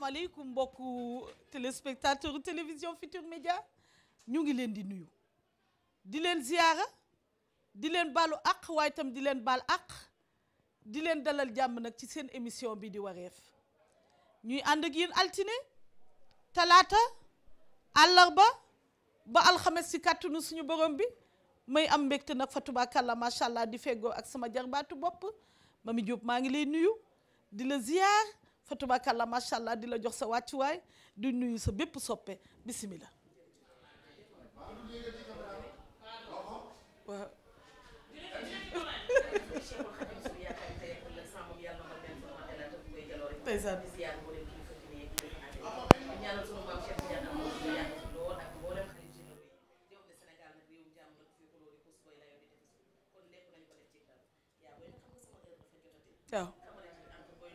asalaamaaleykum mbokku téléspectateur télévision Futur Média ñu ngi leen di nuyu di leen ziyaara di leen baalu àq waaye itam di leen bal ak di leen dalal jàmm nag ci seen émission bi di wareef ñuy ànd ak yéen altine talaata àllarba ba ba alxames si kàttanu suñu borom bi may am mbégte nag fa tubaakàlla macha allah di feggoo ak sama jarbaatu bopp ma Mami Diop maa ngi lay nuyu di la ziyaar fatubaakàlla macha allah di la jox sa wàccuwaay di nuyu sa bépp soppe bisimila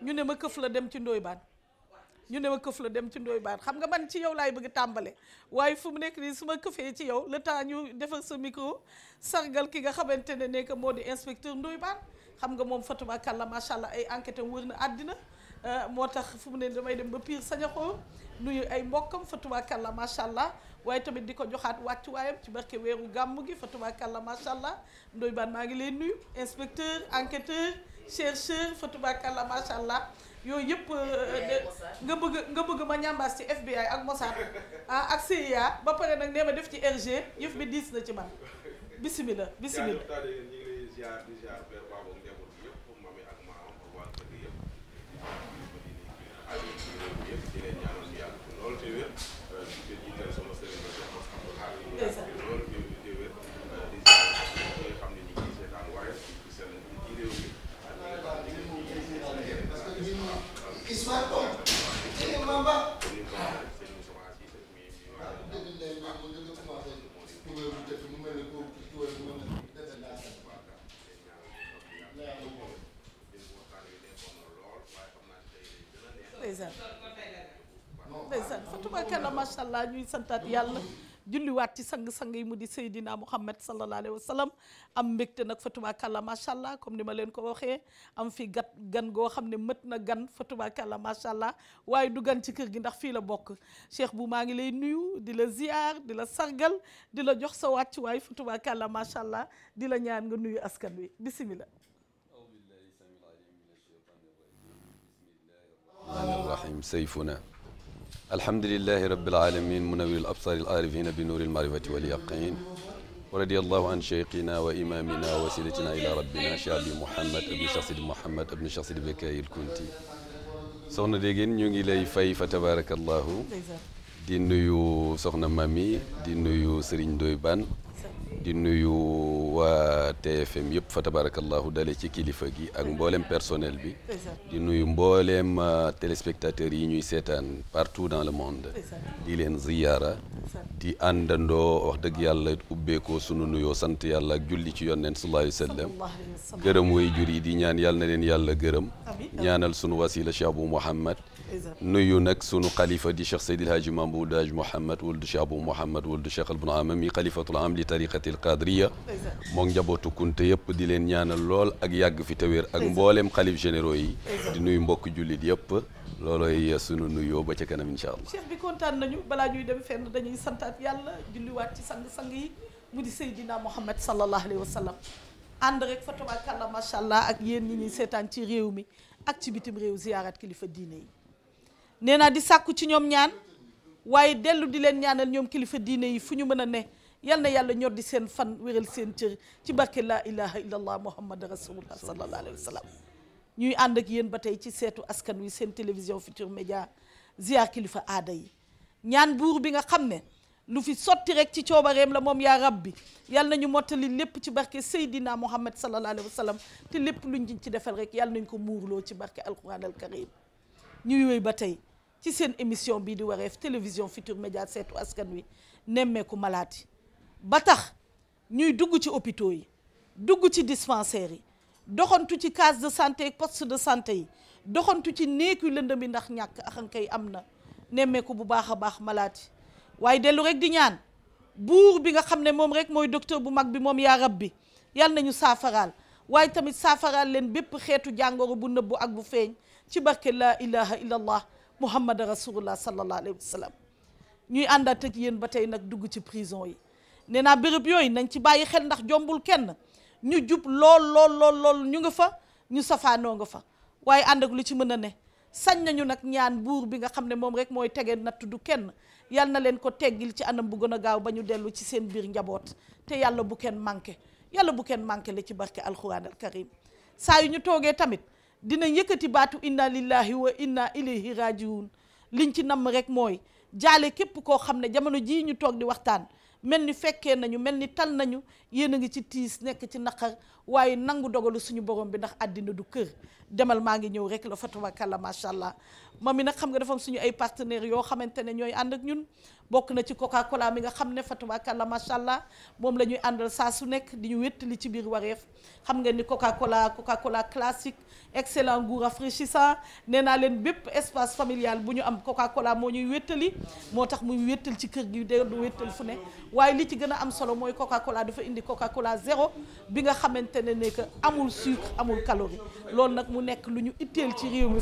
ñu ne ma këf la dem ci ndoy baan ñu ne ma këf dem ci ndoy xam nga man ci yow laay bëgg tàmbale waaye fu mu nekk nii su ma këfee ci yow la temps ñu defal sa micro sargal ki nga xamante ne nekk moo di inspecteur ndoy baan xam nga moom Fatuma Kalla macha allah ay enquête am wër na àddina euh, moo tax fu mu ne damay dem ba Pire Sañaxo nuyu ay mbokkam Fatuma Kalla macha allah waaye tamit di ko joxaat wàcc waayam ci barke weeru gàmm gi Fatuma la macha allah ndoy baan maa ngi leen nuyu inspecteur enquêteur. chercheur fatubakalla macha allah yooyu yëpp euh, euh, nga bëgg nga bëgg ma ñambaas ci FBI ak Mossad ah, ak CIA ba pare nag nee ma def ci RG yëf bi diis na ci man bisimilah bisimilah tubaakala macha allah ñuy santa yàlla julliwaat ci sang-sang yi mu di Seydina Mouhamed sallallahu alayhi wa sallam am mbégte nag fa tubaakalla macha allah comme ni ma leen ko waxee am fi gat gan goo xam ne mët na gan fa tubaakalla macha allah waaye du gan ci kër gi ndax fii la bokk Cheikh bu maa ngi lay nuyu di la ziar di la sargal di la jox sa wàcc waaye fa tubaakalla macha allah di la ñaan nga nuyu askan wi bisimilah. rahmaani rahim sayfuna alhamdulillahi rabbil alamin munawwir al absar al arifina bi nuuril marifati wal yaqin wa radiyallahu an cheikhina wa imamina wa wasilatina ila rabbina cheikh bi mouhamad ibni cheikh sidi mouhamad ibni cheikh sidi bekaay al kunti soxna Degene ñu ngi lay fay fa tabarakallahu di nuyu soxna mami di nuyu Serigne Ndoye Bane di nuyu waa TFM yëpp fa tabarakallahu dale ci kilifa gi ak mboolem personnel bi di nuyu mbooleem euh, téléspectateurs yi ñuy seetaan partout dans le monde di leen ziyaara di àndandoo wax dëgg yàlla ubbeekoo sunu nuyoo sant yàlla ak julli ci yonneen sallallahu alayhi wa sallam gërëm way jur yi di ñaan yàlla na leen yàlla gërëm ñaanal sunu wasila Cheikh Abou Mouhammad nuyu nag sunu xalifa di cheikh Seydil Hadji Mamoud Hadj Mouhamed wuldu cheikh Abou Mouhamed wuldu cheikh Al Bouna Amami xalifatul am li tariqati al qadriya moom njabootu kunte yëpp di leen ñaanal lool ak yàgg fi te wér ak mbooleem xalif généraux yi di nuyu mbokk jullit yëpp loolooy sunu nuyoo ba ca kanam incha allah cheikh bi kontaan nañu balaa ñuy dem fenn dañuy santaat yàlla julliwaat ci sang-sang yi mu di Seydina Mouhamed sallallahu alayhi wa sallam ànd rek fa tabaarkalla macha allah ak yéen ñi ñuy seetaan ci réew mi ak ci bitim réew ziyaarat kilifa diine yi nee naa di sàkku ci ñoom ñaan waaye dellu di leen ñaanal ñoom kilifa diine yi fu ñu mën a ne yal na yàlla ñor di seen fan wéral seen cër ci barke laa ilaha illallah muhammad rasulullah sallallahu alayhi wa sallam ñuy ànd ak yéen ba tey ci seetu askan wi seen télévision Futurs Médias ziar kilifa aada yi ñaan buur bi nga xam ne lu fi sotti rek ci coobareem la moom yaa rabbi yal ñu mottali lépp ci barke Seydina Muhammad sallallahu alayhi wa sallam te lépp luñ ci defal rek yal nañ ko muurloo ci barke alquran al karim ñuy wéy ba tey ci seen émission bii di wareef télévision Futurs média seetu askan wi nemmeeku malaati ba tax ñuy dugg ci hôpitaux yi dugg ci dispensaires yi doxantu ci case de santé poste de santé yi doxantu ci néegu lëndëm bi ndax ñàkk axankay am na nemmeeku bu baax a baax malaati waaye dellu rek di ñaan buur bi nga xam ne moom rek mooy docteur bu mag bi moom yaa rab bi yàlla nañu saafaraal waaye tamit saafaraal leen bépp xeetu jàngoro bu nëbbu ak bu feeñ ci barke laa ilaha illallah muhammad rasulullah sallallahu alayhi wa sallam ñuy àndaat ak yéen ba tey nag dugg ci prison yi nee naa béréb yooyu nañ ci bàyyi xel ndax jombul kenn ñu jub lool lool ñu nga fa ñu safaanoo nga fa waaye ànd ak lu ci mën a ne sañ nañu nag ñaan buur bi nga xam ne moom rek mooy tege natt du kenn yal na leen ko teggil ci anam bu gën a gaaw ba ñu dellu ci seen biir njaboot te yàlla bu kenn manqué yàlla bu kenn manqué la ci barke alxuraan al karim saa ñu toogee tamit dina yëkkati baatu inna lillahi wa inna ilayhi rajiun liñ ci namm rek mooy jaale képp koo xam ne jamono jii ñu toog di waxtaan mel ni fekkee nañu mel ni tal nañu yéen a ngi ci tiis nekk ci naqar waaye nangu dogalu suñu borom bi ndax àddina du kër demal maa ngi ñëw rek la fatuwakalla macha allah moom mi nag xam nga dafa suñu ay partenaire yoo xamante ne ñooy ànd ak ñun bokk na ci coca cola mi nga xam ne fatuwakalla macha allah moom la ñuy àndal saa su nekk di ñu wéttali ci biir wareef xam nga ni coca cola coca cola classique excellent goût rafraîchissant nee naa leen bépp espace familial bu ñu am coca moo ñuy wéttali moo tax muy wéttal ci kër gi de du wéttal fu ne waaye li ci gën a am solo mooy coca cola dafa indi coca cola zéro bi nga xamante xamante ne que amul sucre amul calorie loolu nag mu nekk lu ñu itteel ci réew mi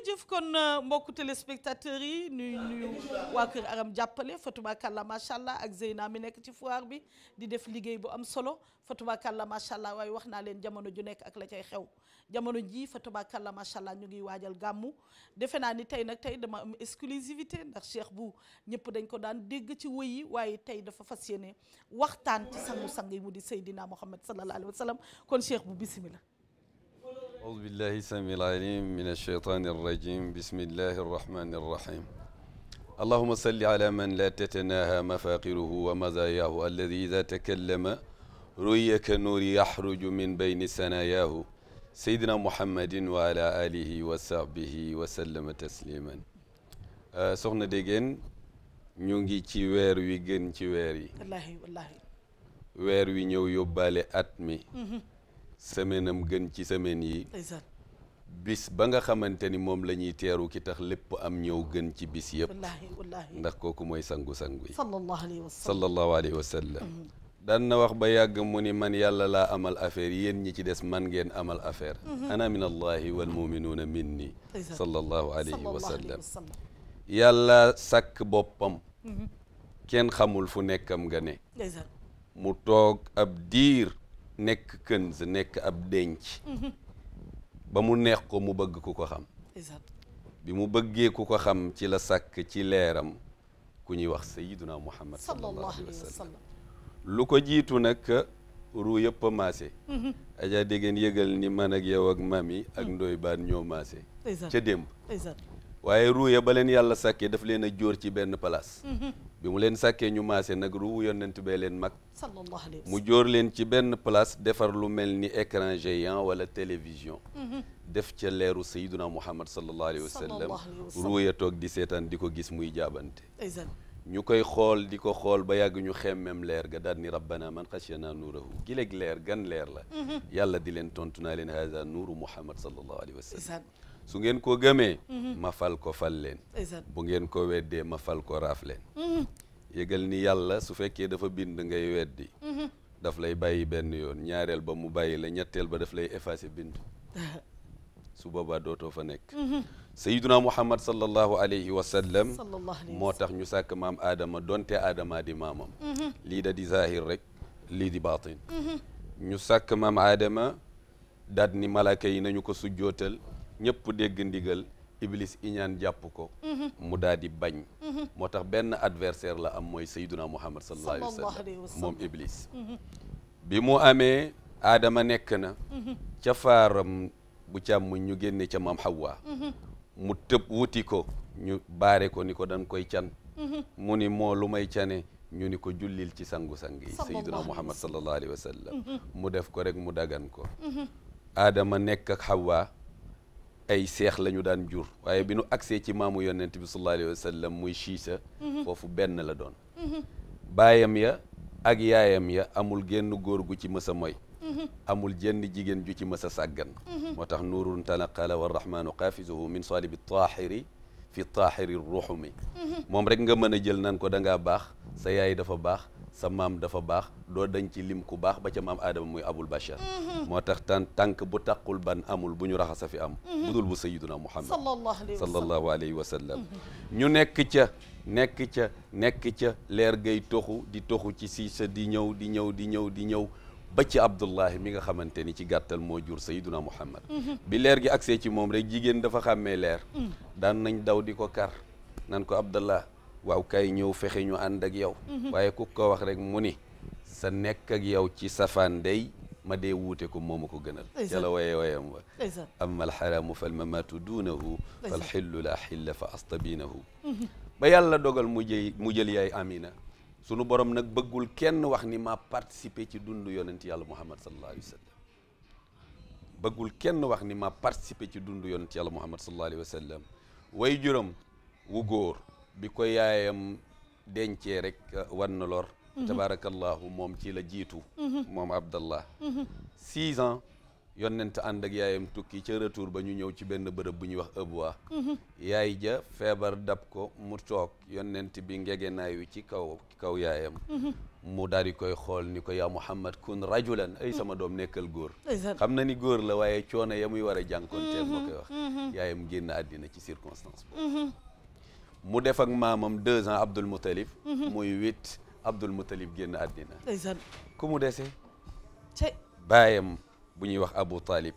jërëjëf kon euh, mbokku téléspectateurs yi nuy nuyu waa Kër Aram jàppale fatubakàlla macha allah ak Zeyna mi nekk ci foire bi di def liggéey bu am solo fatubakàlla macha allah waaye wax naa leen jamono ju nekk ak la cay xew jamono ji fatubakàlla macha allah ñu ngi waajal gàmmu defe naa ni tey nag tey dama am exclusivité ndax Cheikh bu ñëpp dañ ko daan dégg ci wëy yi waaye tey dafa fas yéene waxtaan ci sangu-sang yi mu di Seydina Mohamed sallallahu alayhi wa sallam kon Cheikh bu bisimilah. أعوذ بالله السميع العليم من الشيطان الرجيم بسم الله الرحمن الرحيم اللهم صل على من لا تتناهى مفاقره ومزاياه الذي إذا تكلم رؤي كالنور يحرج من بين ثناياه سيدنا محمد وعلى آله وصحبه وسلم تسليما soxna Degene ñu ngi ci weer wi gën ci weer yi. wallaahi wallaahi. weer wi ñëw yóbbaale at mi. semaine am gën ci semaine yi bis ba nga xamante ni moom la ñuy teeru ki tax lépp am ñëw gën ci bis yëpp ndax kooku mooy sangu-sangu yi sallallahu alayhi mm-hmm. na wax ba yàgg mu ni man yàlla laa amal affaire yéen ñi ci des man ngeen amal affaire mm-hmm. ana min allahi wal muminuuna min ni sallallahu yàlla sàkk boppam mm-hmm. kenn xamul fu nekkam nga ne mu toog ab diir nekk kënz nekk ab denc mm-hmm. ba mu neex ko mu bëgg ku ko xam bi mu bëggee ku ko xam ci la sàkk ci leeram ku ñuy wax sayiduna muhammad sallallahu alayhi wa sallam lu ko jiitu nag ruu yëpp a maase mm-hmm. ajaa déggeen yëgal ni man ak yow ak mami ak mm-hmm. ndoy baan ñoo maase ca démb waaye ruu ba leen yàlla sàkkee daf leen a jóor ci benn place bi mu leen sàkkee ñu maase nag ruwu yonent be leen mag sallallahu alayhi mu joor leen ci benn place defar lu mel ni écran géant wala télévision mhm. def ca leeru sayiduna muhammad sallallahu alayhi wa sallam ruu ya toog di seetaan di ko gis muy jaabante ñu koy xool di ko xool ba yàgg ñu xemmem leer ga daal ni rabbana man xasiyana nuurahu gileeg leer gan leer la mhm. yàlla di leen tontu naa leen haza mu muhammad sallallahu alayhi wa sallam su ngeen ko gëmee mhm. ma fal ko fal leen bu ngeen ko weddee ma fal ko raaf leen mhm. yëgal ni yàlla su fekkee dafa bind ngay weddi mhm. daf lay bàyyi benn yoon ñaareel ba mu bàyyi la ñetteel ba daf lay effacé bind su boobaa dootoo fa nekk sayiduna muhammad sallallahu alayhi wa sallam moo tax ñu sàkk maam aadama donte aadama di maamam lii da di zahir rek lii di baatin ñu sàkk maam aadama daat ni malaaka yi nañu ko sujjootal ñëpp dégg ndigal iblis iñaan jàpp ko mhm. mu daal di bañ mhm. moo tax benn adversaire la am mooy sayyiduna muhammad sallallahu alayhi wa moom iblis mhm. bi mu amee aadama nekk na ca faaram bu càmm ñu génne ca maam Hawa mu tëb wuti ko ñu baare ko ni ko dañ koy can mu ni moo lu may cane ñu ni ko jullil ci sangu-sang yi sayyiduna muhammad sallallahu alayhi wa sallam mu def ko rek mu dagan ko aadama nekk ak Hawa ay seex la ñu daan jur waaye bi nu agsee ci maamu yonent bi sallallahu alayhi wa sallam muy Chiisa mhm. foofu benn la doon mhm. baayam ya ak yaayam ya amul génn góor gu ci mës a moy mhm. amul jenn jigéen ju ci mës a sàggan moo tax nuurun tanaqala warrahmaanu xaafizuhu min saalibi taahiri fi taahiri ruxumi moom rek nga mën a jël nan ko da ngaa baax sa yaay dafa baax sa maam dafa baax doo dañ ci lim ku baax ba ca maam aadama muy abul bachar mm-hmm. moo tax tan tànk bu tàqul ban amul bu ñu raxasa fi am budul mm-hmm. bu sayiduna muhammad sallallahu alayhi wa sallam mm-hmm. ñu nekk ca nekk ca nekk ca leer gay toxu di toxu ci siisa di ñëw di ñëw di ñëw di ñëw ba ci abdullahi mi nga xamante ni ci gàttal moo jur sayiduna muhammad bi leer gi agsee ci moom rek jigéen dafa xàmmee leer mm. daan nañ daw di ko kar nan ko abdallah waaw kay ñëw fexe ñu ànd ak yow mhm. waaye ku ko wax rek mu ni sa nekk ak yow ci safaan day ma dee wuute ko moo ma ko gënal yàlla waye wayam wa amma alxaraamu fal mamaatu duunahu fal xillu la xilla fa astabinahu mhm. ba yàlla dogal mu mu jël yaay amina sunu borom nag bëggul kenn wax ni ma participer ci dund yonent yàlla muhammad sallallahu alayhi wa kenn wax ni ma participer ci dund yonent yàlla muhammad sallallahu alayhi wa sallam way juróom wu góor bi ko yaayam dencee rek uh, wan na lor mhm. tabarakallahu moom ci la jiitu mhm. moom abdallah mhm. six ans yonent ànd ak yaayam tukki ca retour ba ñu ñëw ci benn bërëb bu ñuy wax ëbwa yaay ja feebar dab ko mu toog yonnent bi ngegenaay ci kaw kaw yaayam mu daal di koy xool ni ko yaa muhammad kun rajulan ay sama doom nekkal góor xam na ni góor la waaye coono ya muy war a jànkonteel moo koy wax yaayam génn àddina ci circonstance boobu mu def ak maamam deux ans Abdul Muttalib mhm. muy huit Abdul Muttalib génn àddina ku mu dese baayam bu ñuy wax Abu Talib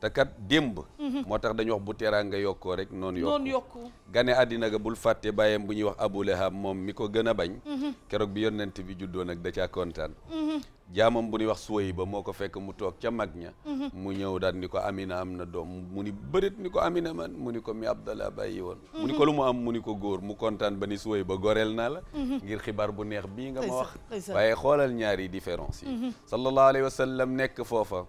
te kat démb mhm. moo tax dañu wax bu teraanga yokkoo rek noonu yokku gane àddina ga bul fàtte baayam bu ñuy wax Abu Lahab moom mi ko gën a bañ mhm. keroog bi yonent bi juddoo nag da caa kontaan jaamam bu ñuy wax suway ba moo ko fekk mu toog ca mag ña mhm. mu ñëw daal ni ko amina am na doom mu ni bërit ni ko amina man mu ni ko mi abdallah bàyyi woon mu ni ko mhm. lu mu am mu ni ko góor mu kontaan ba ni suway ba goreel naa la mhm. ngir xibaar bu neex bii nga ma wax waaye xoolal ñaari différence yi sallallahu alayhi wa sallam nekk foofa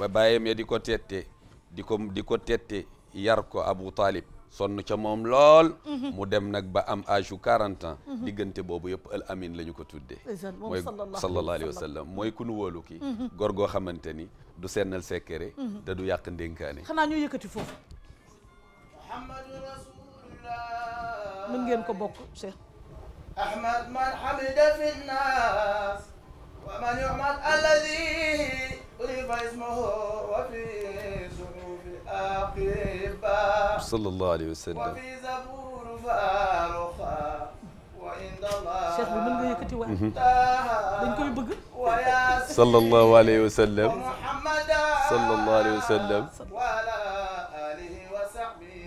ba bàyyam ya di ko tette di ko di ko tette yar ko Abu taalib sonn ca moom lool. Mhm. mu dem nag ba am âge yu mhm. diggante boobu yëpp al amin la ñu ko tuddee. mooy sallallahu alayhi mooy ku ki mhm. góor goo xamante ni du sennal sekkere. te du yàq ndénkaane. xanaa ñu yëkkati foofu. Muhammadu rasulullah. mën ngeen ko bokk Cheikh. Ahmad man hamida fi nnaas wa man yuhmad alladi urifa ismuhu wa fi أقربا صلى الله عليه وسلم وفي زبور فارخا وعند الله شيخ من بيكتي واحد دنكوي بغ ويا صلى الله عليه وسلم ومحمدا صلى الله عليه وسلم وعلى آله وصحبه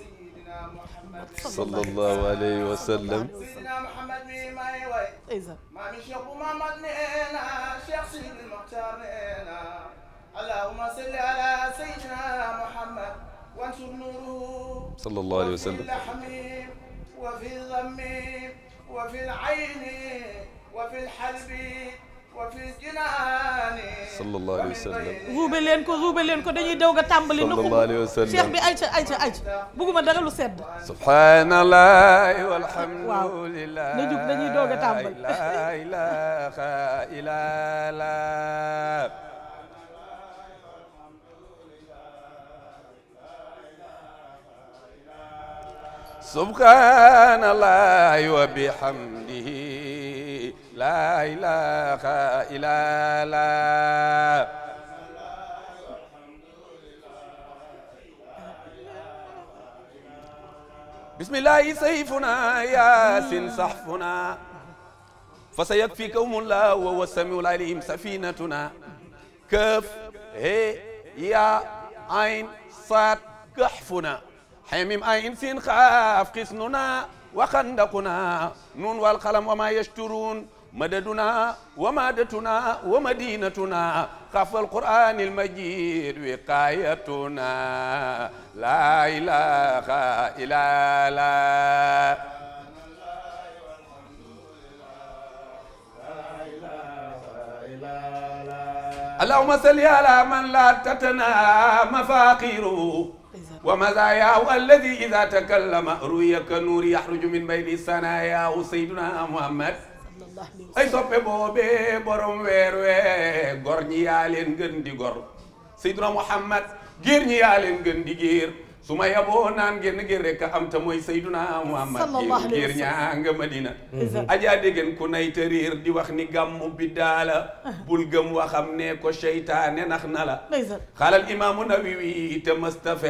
سيدنا محمد صلى الله عليه وسلم سيدنا محمد ميماي وي مامي شيخ محمد نينا شيخ سيدي المختار نينا اللهم صل على سيدنا محمد وانشر نوره صلى الله عليه وسلم وفي اللحم وفي الغم وفي العين وفي الحلب وفي الجنان صلى الله عليه وسلم ruube leen ko ruube leen ko dañuy daw nga tàmbali nu sallallahu alayhi wa sallam cheikh bi ayca ayca ayca bëgguma dara lu sedd subhanallah walhamdulillah waaw na jug dañuy doog a tàmbali la ilaha illallah subhanallahi wa bihamdihi la ilaha illa Allah بسم الله سيفنا ياسين صحفنا فسيكفيكم الله وهو السميع العليم سفينتنا كاف هاء ياء عين صاد كهفنا حميم عين سين خاف قسننا وخندقنا نون والقلم وما يشترون مددنا ومادتنا ومدينتنا خف القرآن المجيد وقايتنا لا إله إلا الله اللهم صل على من لا تتنا مفاقيره wa mazayaahu alladi ida takallama ruya ka nuuri yaxruju min bayni sanayaahu sayduna muhammad ay soppe boobee borom weer wee gor ñi yaa leen gën di gor sayduna muhammad géer ñi yaa leen gën di géer su ma yaboo naan génn gér rek am ta mooy sayduna muhammad gér ñaa nga madina ajaa déggen ku nay tëriir di wax ni gàmmu bi daala bul gëm waxam ne ko seytaane nax na la xaalal imaamu nawawi te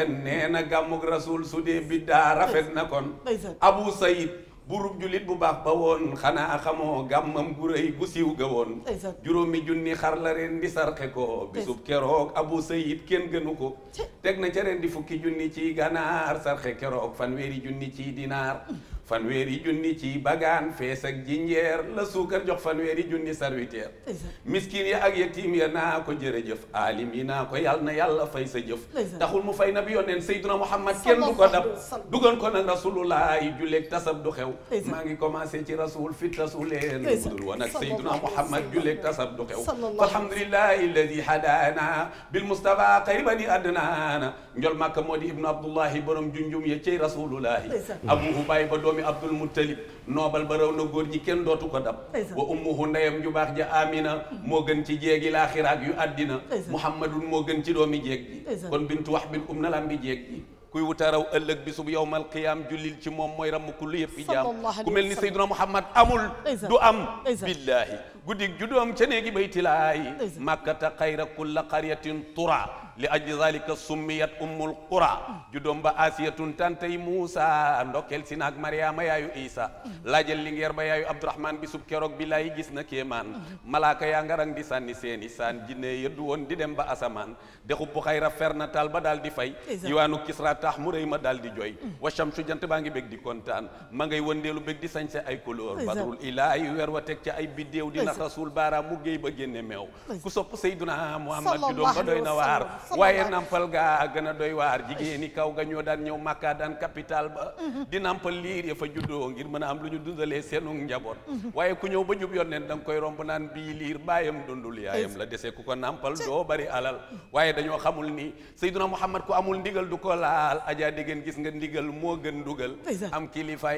nee na gàmmuk rasul su dee bi daa rafet na kon abu sayid burub julit bu baax ba woon xanaa xamoo gàmmam gu rëy gu siiw ga woon juróomi junni xar la ren di sarxe ko bisub keroog abu sayid kenn gënu ko teg na ca ren di fukki junni ci ganaar sarxe keroog fanweeri junni ci dinaar fanweeri junni ci bagaan fees ak jinjeer la suukar jox fanweeri junni serviteur miskin ya ak yatiim ya naa ko jërëjëf aalim yi naa ko yàlla na yàlla fay sa jëf taxul mu fay na bi yoneen sayduna muhammad kenn du ko dab dugal ko nag rasulullahi julleeg tasab du xew maa ngi commencé ci rasul fit tasuleen budul woon ak sayduna muhammad julleeg tasab du xew alhamdulillahi alladi hadana bil mustafa qayribani adnaana njol màkka moo di ibnu abdullahi borom junjum ya cey rasulullahi abuhu bàyyi ba doomi doomi Abdul Muttalib noo ba raw na góor ñi kenn dootu ko dam wa ummuhu ndeyam ju baax ja Amina moo gën ci jéegi laaxiraak yu àddina Muhammadun moo gën ci doomi jéeg gi kon bintu wax bin um na lam bi jéeg gi kuy wutaraw ëllëg bisub yowmal qiyaam jullil ci moom mooy ram ku lu yëpp i jaam ku mel ni Seydina Muhammad amul du am billahi guddig juddoom ca néegi baytilaay makkata xayra kulla qaryatin tura li ajli zalika summiyat ummul qura juddoom ba asiyatun tantay muusa ndokkel si naag mariama yaayu isa laajal li ngeer ba yaayu abdourahman bi sub keroog bi laay gis na kéemaan malaaka yaa ngarang di sànni seeni saan jinne yëddu woon di dem ba asamaan de xupp xayra taal ba daal di fay diwaanu kisra taax mu rëy ma daal di joy wa shamsu jant baa ngi bég di kontaan ma ngay wëndeelu ay couleur badrul ilaahi ay biddéew rasul baaraam mu géey ba génne meew ku sopp sayduna muhammad ju doom ba doy na waar waaye nampal gaa gën a doy waar jigéeni kaw ga ñoo daan ñëw màkkaa daan capital ba mhm. di nampal liir ya fa juddoo ngir mën a am lu ñu dundalee seenu njaboot mhm. waaye ku ñëw ba jub yonneen da nga koy romb naan bii liir baayam dundul yaayam la desee ku ko nampal doo bari alal mhm. waaye dañoo xamul ni sayduna muhammad ku amul ndigal du ko laal ajaa déggeen gis nga ndigal moo gën dugal am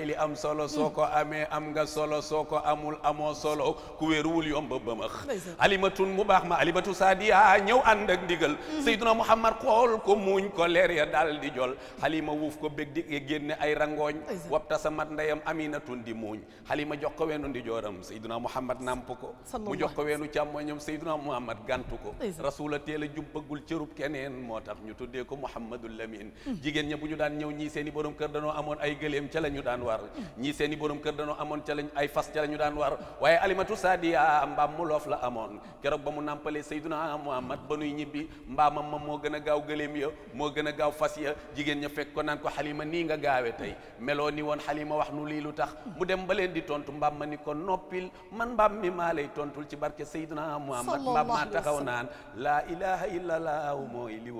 li am solo soo ko amee am nga solo soo ko amul amoo solo réeruwul yomb ba ma alimatun mu baax ma alimatu saadiya ñëw ànd ak ndigal mm-hmm. sayyiduna muhammad xool ko muuñ ko leer ya daal di jol xalima wuuf ko bég di génne ay rangooñ wapta sa mat ndeyam aminatun di muuñ xalima jox ko weenu ndi jooram sayyiduna muhammad namp ko mu jox ko weenu càmmoñam sayyiduna muhammad gantu ko rasula teel a jub bëggul cërub keneen moo tax ñu tuddee ko muhammadul lamin mm. jigéen ña bu ñu daan ñëw ñii seen i borom kër danoo amoon ay gëléem ca la ñu daan war mm. ñii seen borom kër danoo amoon ca lañ ay fas ca la ñu daan war Maria mbaam mu loof la amoon keroog ba mu nàmpalee Seydina Muhammad ba nuy ñibbi mbaamam ma moo gën a gaaw gëléem ya moo gën a gaaw fas ya jigéen ña fekk ko naan ko xalima nii nga gaawee tey meloo ni woon xalima wax nu lii lu tax mu dem ba leen di tontu mbaam ma ni ko noppil man mbaam mi maa lay tontul ci barke Seydina Muhammad mbaam maa taxaw naan laa ilaha illa laahu mooy li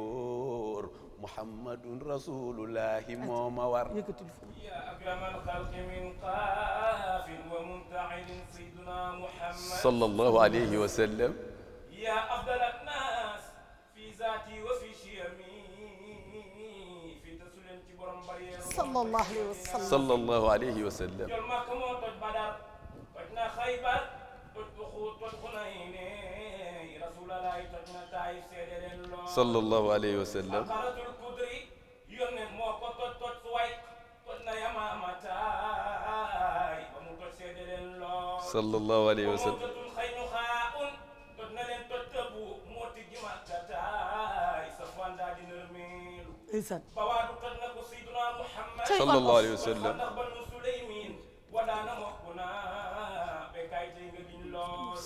muhammadun rasulullahi moo ma war sallallahu alayhi wa sallam yaa afdal annaas fi zaati wa fi shiyami fi tasulim ci borom bari sallallahu alayhi wa sallam sallallahu alayhi wa sallam jol makka moo toj badar toj na xaybar sallallahu alayhi wa sallam sallallahu alayhi wa sallam sallallahu alayhi wa sallam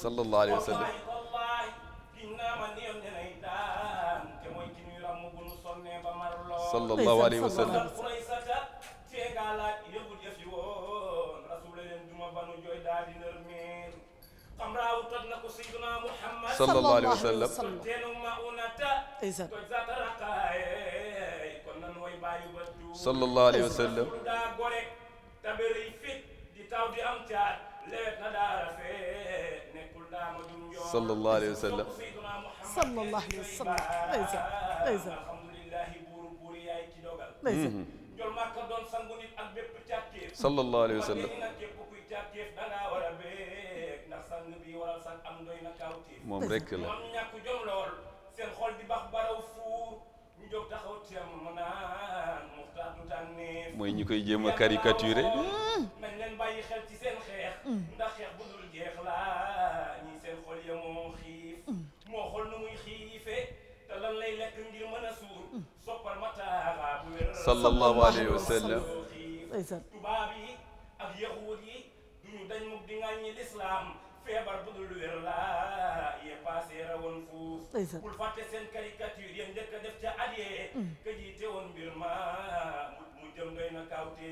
sallallahu alayhi wa sallam sallallahu alayhi wa sallam sallallahu alayhi wa sallam sallallahu alayhi wa sallam sallallahu alayhi wa sallam sallallahu alayhi wa sallam ndeysaan ndeysaan alhamdulillahi buuru buuru yaay ci dogal ndeysaan mhm. jol màkka doon sangu nit ak bépp càkkeef sallallahu alayhi wa sallam nag képp kuy càkkeef dangaa war a beeg ndax sang bi waral sang am doy na kawteef moom rek la moom ñàkk jom lool seen xol di bax baraw fuur ñu jóg taxaw teem naan muxtaar du tànneef mooy ñu koy jéem a caricaturer nañ leen bàyyi xel ci seen xeex mm. ndax xeex bu sallallahu alayhi wa sallam tubaab yi ak yahuud yi duñu dañ mukk di ŋàññi lislaam feebar bu dul wér laa yee passé rawoon fuuf bul fàtte seen caricature yéen njëkk a def ca at yee ka jiite woon mbir ma mu jëm doy na kaawte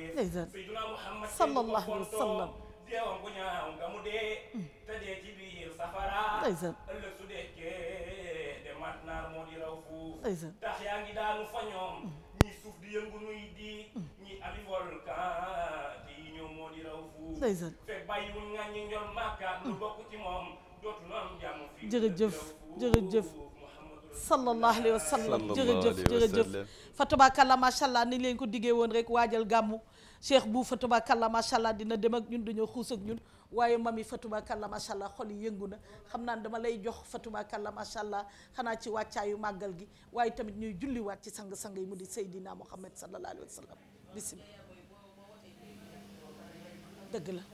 Seydina Muhammad sallallahu alayhi wa sallam deewam bu ñaaw nga mu dee te dee ci biir safara ëllëg su dekkee demaat naar moo di raw fuuf tax yaa ngi daanu fa ñoom ñuy suuf di yëngu nuy di ñi ami volcan di ñëw moo di fa tabaakallah macha allah ni leen ko diggee woon rek waajal gàmmu cheikh bu fa tubaakalla macha allah dina dem ak ñun dañoo xuus ak ñun waaye mami fa la macha allah xol yi yëngu na xam naa dama lay jox fa tubaakalla macha allah xanaa ci wàccaayu màggal gi waaye tamit ñuy julliwaat ci sang-sang yi mu di Seydina Muhammad sallallahu alayhi wa sallam bisimilah dëgg la.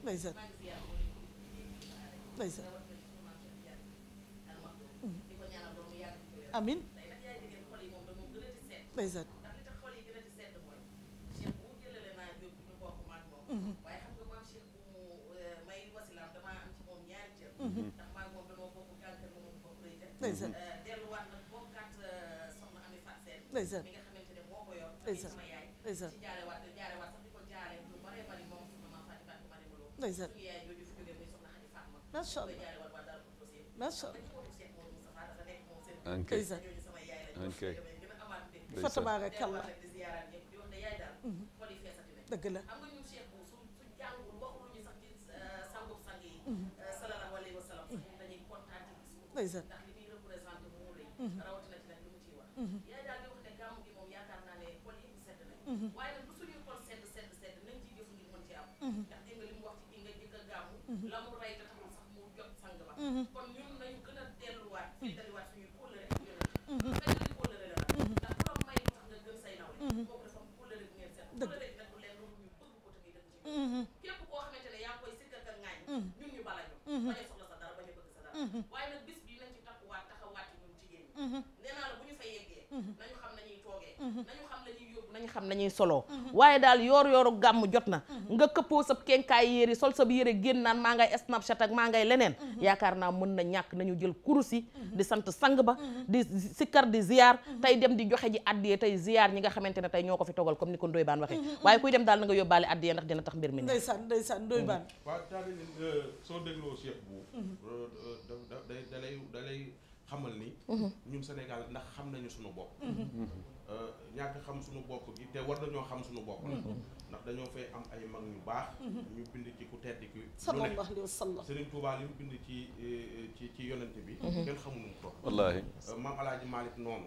ndeysaan ndeysaan amin ndeysaan waaye xam nga maam Cheikh bu mu may wasilaam damaa am ci moom ñaari cër. ndax maa ngi moom dañoo bokk gàncax gi moom bokk rëy de. delluwaat nag bokkaat soxna Ami Fatou Seye. ndeysaan mi nga xamante ne moo ko yor. ndeysaan sama yaay. ndeysaan ci jaareewaat jaareewaat sax di ko jaaree lu bare bari moom soxna ma Fatou Fatou Mane Mbow. ndeysaan suñu yaay jooju fu jógee muy soxna Ami Fatou ma. macha allah jaareewaat waa dara ko posé. macha allah dañu ko Cheikh Mourou Moustapha dafa nekk moom seen. ok ndeysaan ñooñu sama yaay lañu. ok fa tabaarakalla dëgg la ndeysaan waaye nag bu suñuy xol sedd sedd sedd nañ ci jëf ngir mën ci am mhm. ndax dégg nga li mu wax ci bi nga jëkk a gàmmu mhm. la mu rey taxul sax mu jot sang ba mhm. kon ñun nañu gën a delluwaat fii delluwaat suñuy kóllëre rek boobu dafa am kóllëre bu ngeen seq kóllëre nag lu leen loolu ñu bëgg ko te ngay dem ci képp yaa ngi koy sikkal ak ngaañ ñun ñu bala ñu bañ a sa dara bañ a bëgg sa dara waaye nag bis bii nañ ci taxawaat taxawaat ñun jigéen ñi nee naa la bu ñu fa yeggee nañu xam nañu xam la ñuy yóbbu nañu nañuy soloo waaye daal yoor yooru gàmm jot na nga këppoo sab kenkaay yére sol sab yére génn naan maa ngay snapchat ak maa ngay leneen yaakaar naa mën na ñàkk nañu jël kurus yi di sant sang ba di sikkar di ziar tey dem di joxe ji addiyee tey ziar ñi nga xamante ne tey ñoo ko fi togal comme ni ko Ndoye Bane waxee waaye kuy dem daal na nga yóbbaale addiyee ndax dina tax mbir mi ne ndeysaan ndeysaan Ndoye Bane waaw euh, soo dégloo Cheikh Bou euh, da Euh, ñàkk xam suñu bopp gi te war nañoo xam suñu bopp mm-hmm. ndax dañoo fay am ay mag ñu baax mm-hmm. ñu bind ci ku tedd ki sallallahu alayhi wa sallam Serigne Touba li mu bind ci euh, ci ci yonente bi mm-hmm. kenn xamul nu mu toll wallaahi euh, maam Alaaji Malick noonu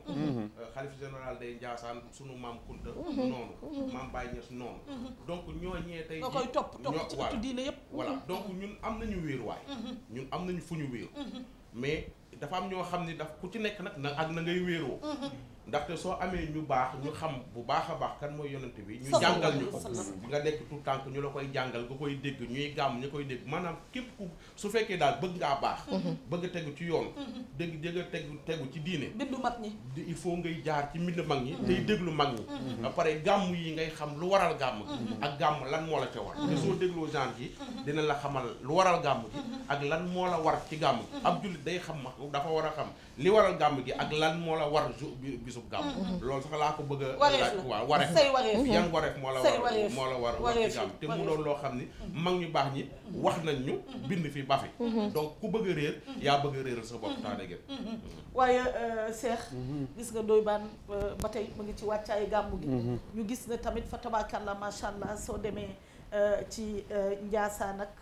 xalif général day Njaasaan suñu maam Kunta noonu maam Baye Niass noonu donc ñoo ñee tey ñoo koy topp topp ci ëttu diine yëpp voilà donc ñun am nañu wéeruwaay ñun am nañu fu ñu wéeru mais dafa am ñoo xam ni daf ku ci nekk nag na ak na ngay wéeroo ndaxte soo amee ñu baax ñu xam bu baax a baax kan mooy yonent bi ñu jàngal ñu ko nga nekk tout temps que ñu la koy jàngal nga koy dégg ñuy gàmm ñu koy dégg maanaam képp ku su fekkee daal bëgg ngaa baax mhm. bëgg tegu ci yoon mhm. dégg dégg a tegu tegu ci diine bindu mag ñi il faut ngay jaar ci mbind mag ñi mhm. tey déglu mag ñi ba pare gàmm yi ngay xam lu waral gàmm gi ak gàmm lan moo la ca war te soo dégloo genre yi dina la xamal lu waral gàmm gi ak lan moo la war ci gàmm gi ab jullit day xam dafa war a xam li waral gàmm gi ak lan moo la war bisub gàmm mm-hmm. Mm-hmm. loolu sax laa ko bëgg a laaj waaw wareef yan wareef moo la war moo la war war ci gàmm te mu doon loo xam ni mm-hmm. mag ñu baax ñi wax nañ ñu bind fi ba fi donc ku bëgg a réer yaa bëgg a réeral sa bopp taane gën waaye euh, Cheikh gis nga doy baan euh, ba tey mu ngi ci wàccaayu gàmm gi ñu gis ne tamit fa tabaakallah macha allah soo demee euh, ci Njaasaan ak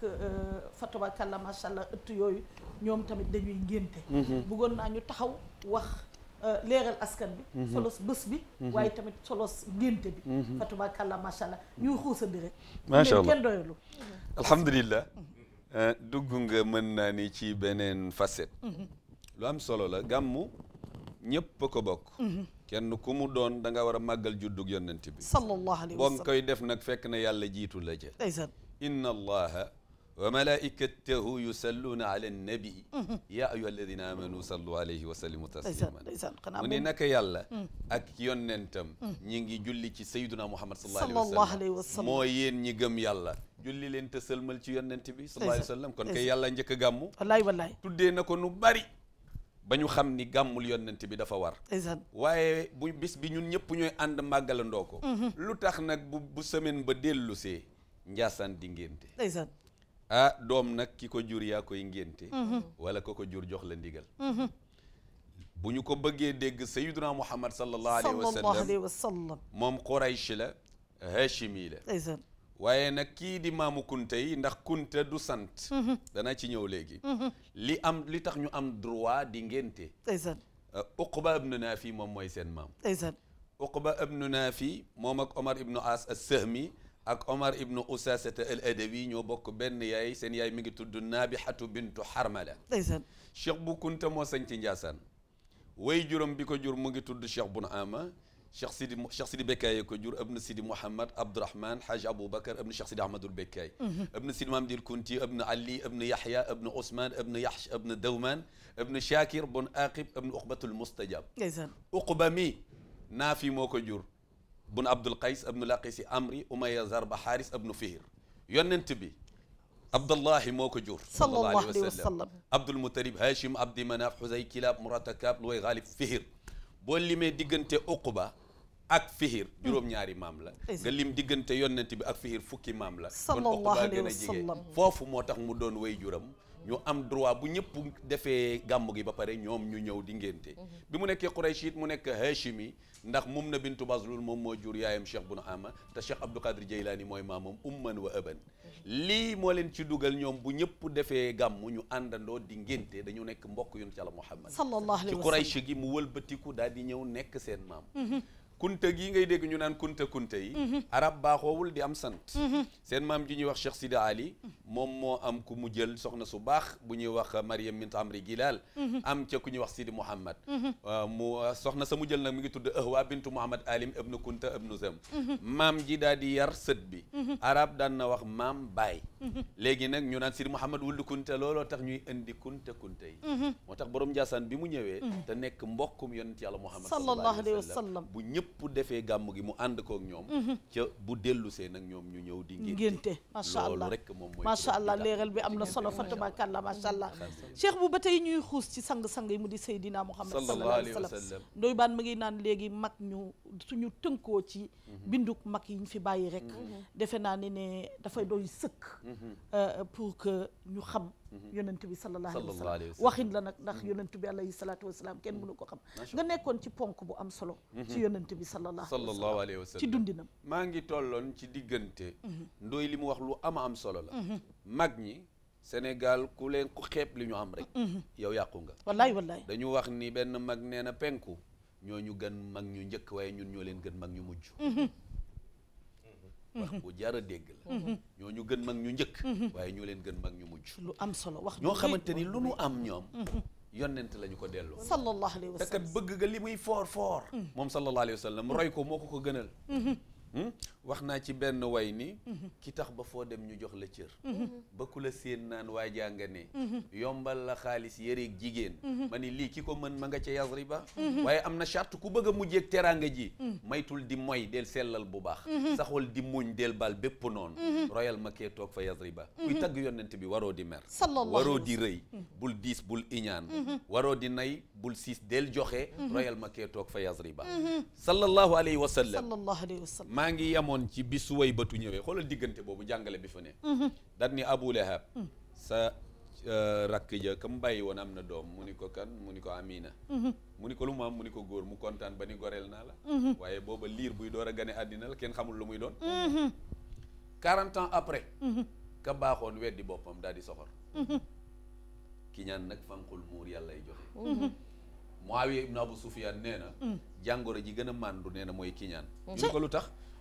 fa tabaakallah macha allah ëtt yooyu ñoom tamit dañuy ngénte mhm. bëggoon naa ñu taxaw wax euh, leeral askan bi mhm. solos bés bi mhm. waaye tamit solos ngénte bi fatubaakàlla macha allah ñuy xuusandi rek macha allah kenn doyalu alhamdulilah euh, dugg nga mën naa ni ci beneen facette lu la gàmmu ñëpp ko bokk kenn ku mu doon da nga war a màggal juddug yonent bi sallallahu alayhi wa boo koy def fekk na yàlla jiitu la ca inna allaha wa malaikatahu yusalluuna ala nabi ya ayuha alladina amanu sallu alayhi wa sallimu taslima mu ne naka yàlla ak yonnentam ñi ngi julli ci sayyiduna muhammad sallallahu alayhi wa sallam moo yéen ñi gëm yàlla julli leen te sëlmal ci yonnent bi sallallahu alayhi wa sallam kon kay yàlla njëkk a gàmmu wallaay wallaay tuddee na ko nu bari ba ñu xam ni gàmmul yonent bi dafa war waaye bu bis bi ñun ñëpp ñooy ànd màggalandoo ko lu tax nag bu bu semaine ba dellusee njaasaan di ngénte a ah, doom nag ki ko jur yaa yi ngénte mhm. wala ko ko jur jox la ndigal mhm. bu ñu ko bëggee dégg sayiduna muhammad sallallahu alayhi wa moom quraysh la hashimi la waaye nag kii di maamu kunta ndax kunta du sant mhm. danaa ci ñëw léegi li am li tax ñu am droit di ngénte uh, uqba ibnu naafi moom mooy seen maam uqba ibnu naafi moom ak omar ibnu as as ak Omar ibnu Usaasata al Adawi ñoo bokk benn yaay seen yaay mi ngi tudd Naabihatu bintu Harmala ndeysaan Cheikh bu Kunta moo sañ ci Njaasaan way juróom bi ko jur mu ngi tudd Cheikh bun ama Cheikh Sidi Cheikh Sidi Bekkaay ko jur ibnu Sidi Mouhamad Abdourahman Haj Aboubacar ibnu Cheikh Sidi Ahmadul Bekkaay mhm. ibnu Sidi Mamdil Kunti ibnu Ali ibnu Yahya ibnu Ousmane ibnu Yahsh ibnu Dawman ibnu Shakir bun Aqib ibnu Uqbatul Mustajab ndeysaan Uqba mi Naafi moo ko jur bun abdul qays abnu laqisi amri umaya zarba xaaris abnu fihir yonent bi abdallahi moo ko jur sallallahu alayhi wa sallam abdul mutalib hachim abdi manaaf xusay kilaab murata kaab luway xaalib fihir boo limee diggante uquba ak fihir juróom-ñaari maam la nga lim diggante yonent bi ak fihir fukki maam la kon uquba a foofu moo tax mu doon way juram ñu am droit bu ñëpp defee gàmm gi ba pare ñoom ñu ñëw di ngénte mhm. bi mu nekkee Qurayshit mu nekk Hashimi ndax mum na bintu Bazlul moom moo jur yaayam Cheikh Bun Ama te Cheikh Abdou Qadir Jeylaani mooy maamam umman wa aban mhm. lii moo leen ci dugal ñoom bu ñëpp defee gàmm ñu àndandoo di ngénte dañu nekk mbokk yonent Yàlla Muhammad ci Quraysh gi mu walbatiku daal di ñëw nekk seen maam mhm. kunta gii ngay dégg ñu naan kunta kunta yi mhm. arab baaxoowul di am sant mhm. seen maam ji ñuy wax Cheikh Sidi Ali moom moo am ku mu jël soxna su baax bu ñuy wax Mariam mint Amri Gilal mhm. am ca ku ñuy wax Sidi Mouhamad mu ah, soxna sa mu jël nag mi ngi tudd Ahwa bintu Mouhamad Alim ibnu kunta ibnu Zem maam ji daal di yar sët bi arab daan na wax maam baay léegi nag ñu naan Sidi Mouhamad wuldu kunta looloo tax ñuy indi kunta kunta yi moo tax borom Ndiassane bi mu ñëwee te nekk mbokkum yonent yàlla Muhammad sallallahu alayhi wa ñëpp defee gàmm gi mu ànd kook ñoom ca bu dellu see nag ñoom ñu ñëw di ngénte macha allah rek moom mooy macha allah bi am na solo fa tabarakallah macha allah cheikh bu ba tey ñuy xuus ci sang-sang yi mu di seydina muhammad sallallahu alayhi wa sallam ndoy baan ma ngi naan léegi mag ñu suñu tënkoo ci mhm. binduk mag yi ñu fi bàyyi rek mhm. defe naa ne ne dafay doy sëkk mhm. euh, pour que ñu xam Mhm. yonent bi sallallahu alayhi wa sallam waxin la nag ndax mhm. yonent bi alayhi salaatu wa salaam kenn mënu ko xam nga nekkoon ci ponk bu am solo mhm. ci yonent bi sallallahu alayhi wa sallam ci dundinam maa ngi tolloon ci diggante ndooy li mu wax lu ama solo la mag ñi Sénégal ku leen ku xeeb li ñu am rek yow yàqu nga wallaay wallaay dañu wax ni benn mag nee na penku ñoo ñu gën mag ñu njëkk waaye ñun ñoo leen gën mag ñu mujj wax bu jar a dégg la mm-hmm. ñoo ñu gën mag ñu njëkk mm-hmm. waaye ñoo leen gën mag ñu mujj lu am solo wax ñoo xamante ni lu nu mm-hmm. am ñoom yonent la ko delloo sallallahu alayhi wa sallam te li muy foor foor moom sallallahu alayhi wa sallam roy ko moo ko ko gënal Hmm? wax naa ci benn way ni mhm. ki tax ba foo dem ñu jox la cër mhm. ba ku la séen naan waa jànga ne mhm. yombal la xaalis yëreeg jigéen ma ni lii ki ko mën ma nga ca yasriba waaye am na charte ku bëgg a mujjeeg teraanga ji maytul di moy del sellal bu baax saxol di muñ del bal bépp noon royal ma kee toog fa yasriba kuy tagg yonent bi waroo di mer waroo di rëy bul diis bul iñaan waroo di nay bul siis del joxe royal ma kee fa yasriba sallallahu alayhi wa maa ngi amoon ci bi suway bëtu ñëwee xoolal diggante boobu jàngale bi fa ne mhm. daat ni Abu Lahab mm. sa euh, rakk ja kam bàyyi woon am na doom mu ni ko kan mu ni ko Amina mhm. mu ni ko lu mu am mu ni ko góor mu kontaan ba ni goreel naa la mhm. waaye booba liir buy door a gane àddina la kenn xamul lu muy doon quarante ans après ka baaxoon weddi boppam daal di soxor ki ñaan nag fanqul muur yàlla ay joxe Muawiya ibn Abu Sufyan nee na mm. jàngoro ji gën a màndu nee mooy kiñaan mm.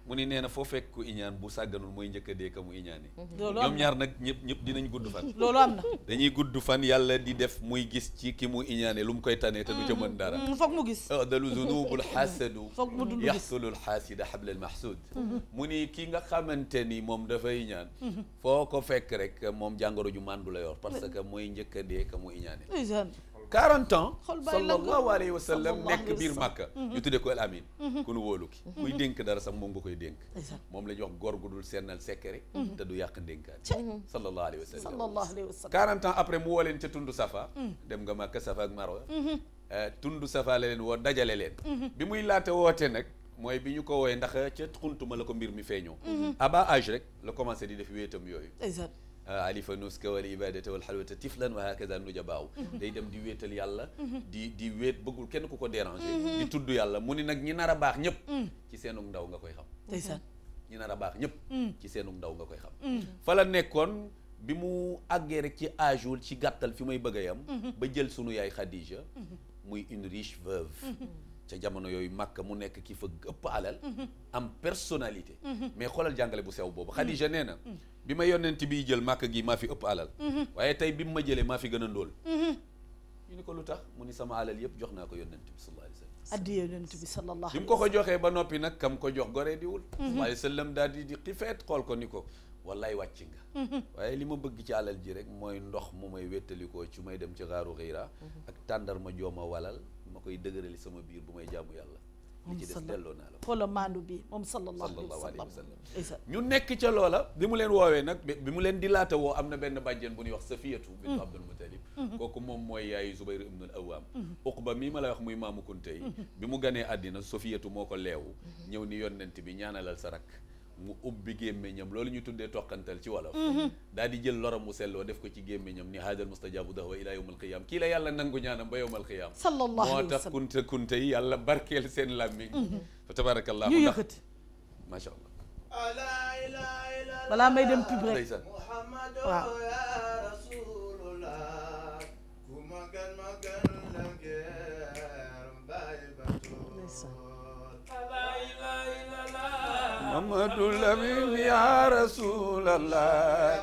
mu ni nee na foo fekk ku iñaan bu sàgganul mooy njëkk dee ka mu iñaane mm-hmm. ñoom ñaar nag ñëpp ñëpp dinañ gudd fan loolu am na dañuy gudd fan yàlla di def muy gis ci ki mu iñaane lu mu koy tanee te du ca mën dara mm-hmm. Mm-hmm. foog mu gis oh, dalu zunubul xaasadu foog mu dund yaxsulul xaasida xablal mahsud mu ni ki nga xamante ni moom dafa iñaan foo ko fekk rek moom jàngoro ju màndu la yor parce que mooy njëkk a dee ka mu iñaane 40 ans sallallahu alayhi wa sallam nekk biir màkka mhm. ñu tuddee ko al amin mhm. ku nu wóolu ki kuy mhm. dénk dara sax moom nga koy dénk moom la ñuy wax góor gu dul sennal sekkere te du yàq ndénkaan sallallahu alayhi wa sallam 40 ans après mu woo leen ca tund safa dem nga màkka safa ak marwa eh, tund safa la leen woo dajale leen bi muy laata woote nag mooy bi ñu ko wooyee ndax ca xuntuma la ko mbir mi feeñoo à bas âge rek la commencé di def wéetam yooyu Ah, alifa nuska wal ibadata wal xalwata tiflan wa hakaza nujabaaw day dem di wéetal yàlla mhm. di di wéet bëggul kenn ku ko déranger mhm. di tudd yàlla mu ni nag ñi nar a baax ñëpp mhm. ci seenu ndaw nga koy xam ndeysaan ñi nar a baax ñëpp ci seenu ndaw nga koy xam fa la nekkoon bi mu àggee rek ci âge ci gàttal fi may bëgg a yam ba jël sunu yaay Khadija muy une riche veuve ca jamono yooyu màkk mu nekk ki fa ëpp alal am personnalité mais xolal jàngale bu sew boobu Khadija na bi ma yonent biy jël màkk gi maa fi ëpp alal mhm. waaye tey bi mu ma jëlee maa fi gën a ndóol mhm. ñu ni ko lu tax mu ni sama alal yëpp jox naa ko yonent bi sallallahu alayhi wa sallam addi yonent bi sallallahu mu ko ko joxee ba noppi nag kam ko jox goree diwul mhm. sallallahu alayhi wa sallam di di xifeet xool ko ni ko wallaay wàcc nga waaye li ma bëgg ci alal ji rek mooy ndox mu may wettalikoo ci may dem ci xaaru xiira ak tàndar ma jooma walal ma koy dëgërali sama biir bu may jaamu yàlla li ci des delloo naa la xoola maandu bi moom sallallahu alayhi wa sa ñu nekk ca loola bi mu leen woowee nag bi mu leen di laata woo am na benn bàjjen bu ñuy wax safiyatu bint mm. abdul mutalib mm-hmm. kooku moom mooy yaayu zubayr ibnul awaam mm-hmm. uqba mii ma lay wax muy maamu kunte mm-hmm. bi mu ganee àddina safiyatu moo ko leewu ñëw ni yonent bi ñaanalal sa rakk mu ubbi gémmiñam loolu ñu tuddee tokkantal ci wolof mhm. daal di jël loram mu selloo def ko ci gémmiñam ni haadal mustajabu dahwa ila yawmal qiyaam kii la yàlla nangu ñaanam ba yawmal qiyaam sallallahu moo tax kunte kunte yi yàlla barkeel seen làmmiñ mhm. fa tabarakallahu ñu yëkkati macha allah balaa may dem pub rek waaw محمد الأمين يا رسول الله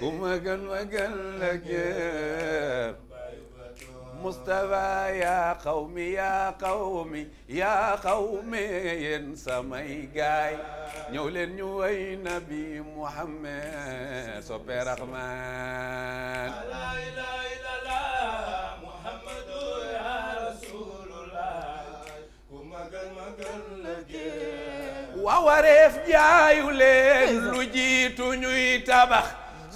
كما قال وقال لك مصطفى يا قومي يا قومي يا قومي ين سمي جاي نولن نوي نبي محمد سبحان الرحمن لا إله wawareef jaayu leen lu jiitu ñuy tabax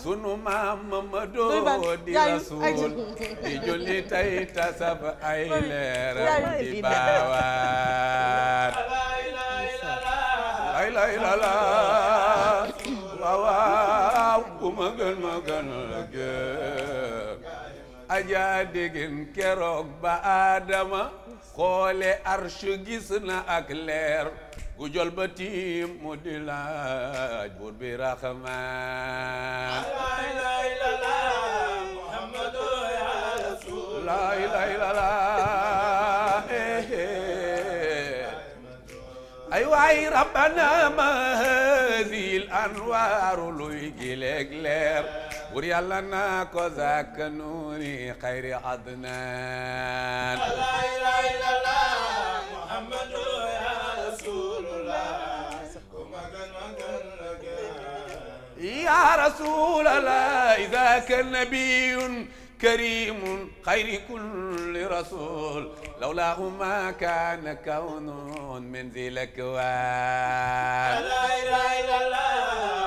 sunu maam Mamadou di rasul di julli tay tasab ay leeram di baawaat lay lay bu ma gën ma gën ajaa dégin keroog ba Adama xoole arsh gis na ak leer ku jol ba tiim mu di laaj buur bi raxmaan laa ilaaha illallaah muhammadu rasuulullaah laa ilaaha illallaah ay waay rabbana ma haazihil anwaaru luy gileeg leer buur yàlla naa ko zaaka nuuri xayri adnaan laa ilaaha illallaah muhammadu يا رسول الله ذاك نبي كريم خير كل رسول لولاه ما كان كون منزلك وان لا اله الا الله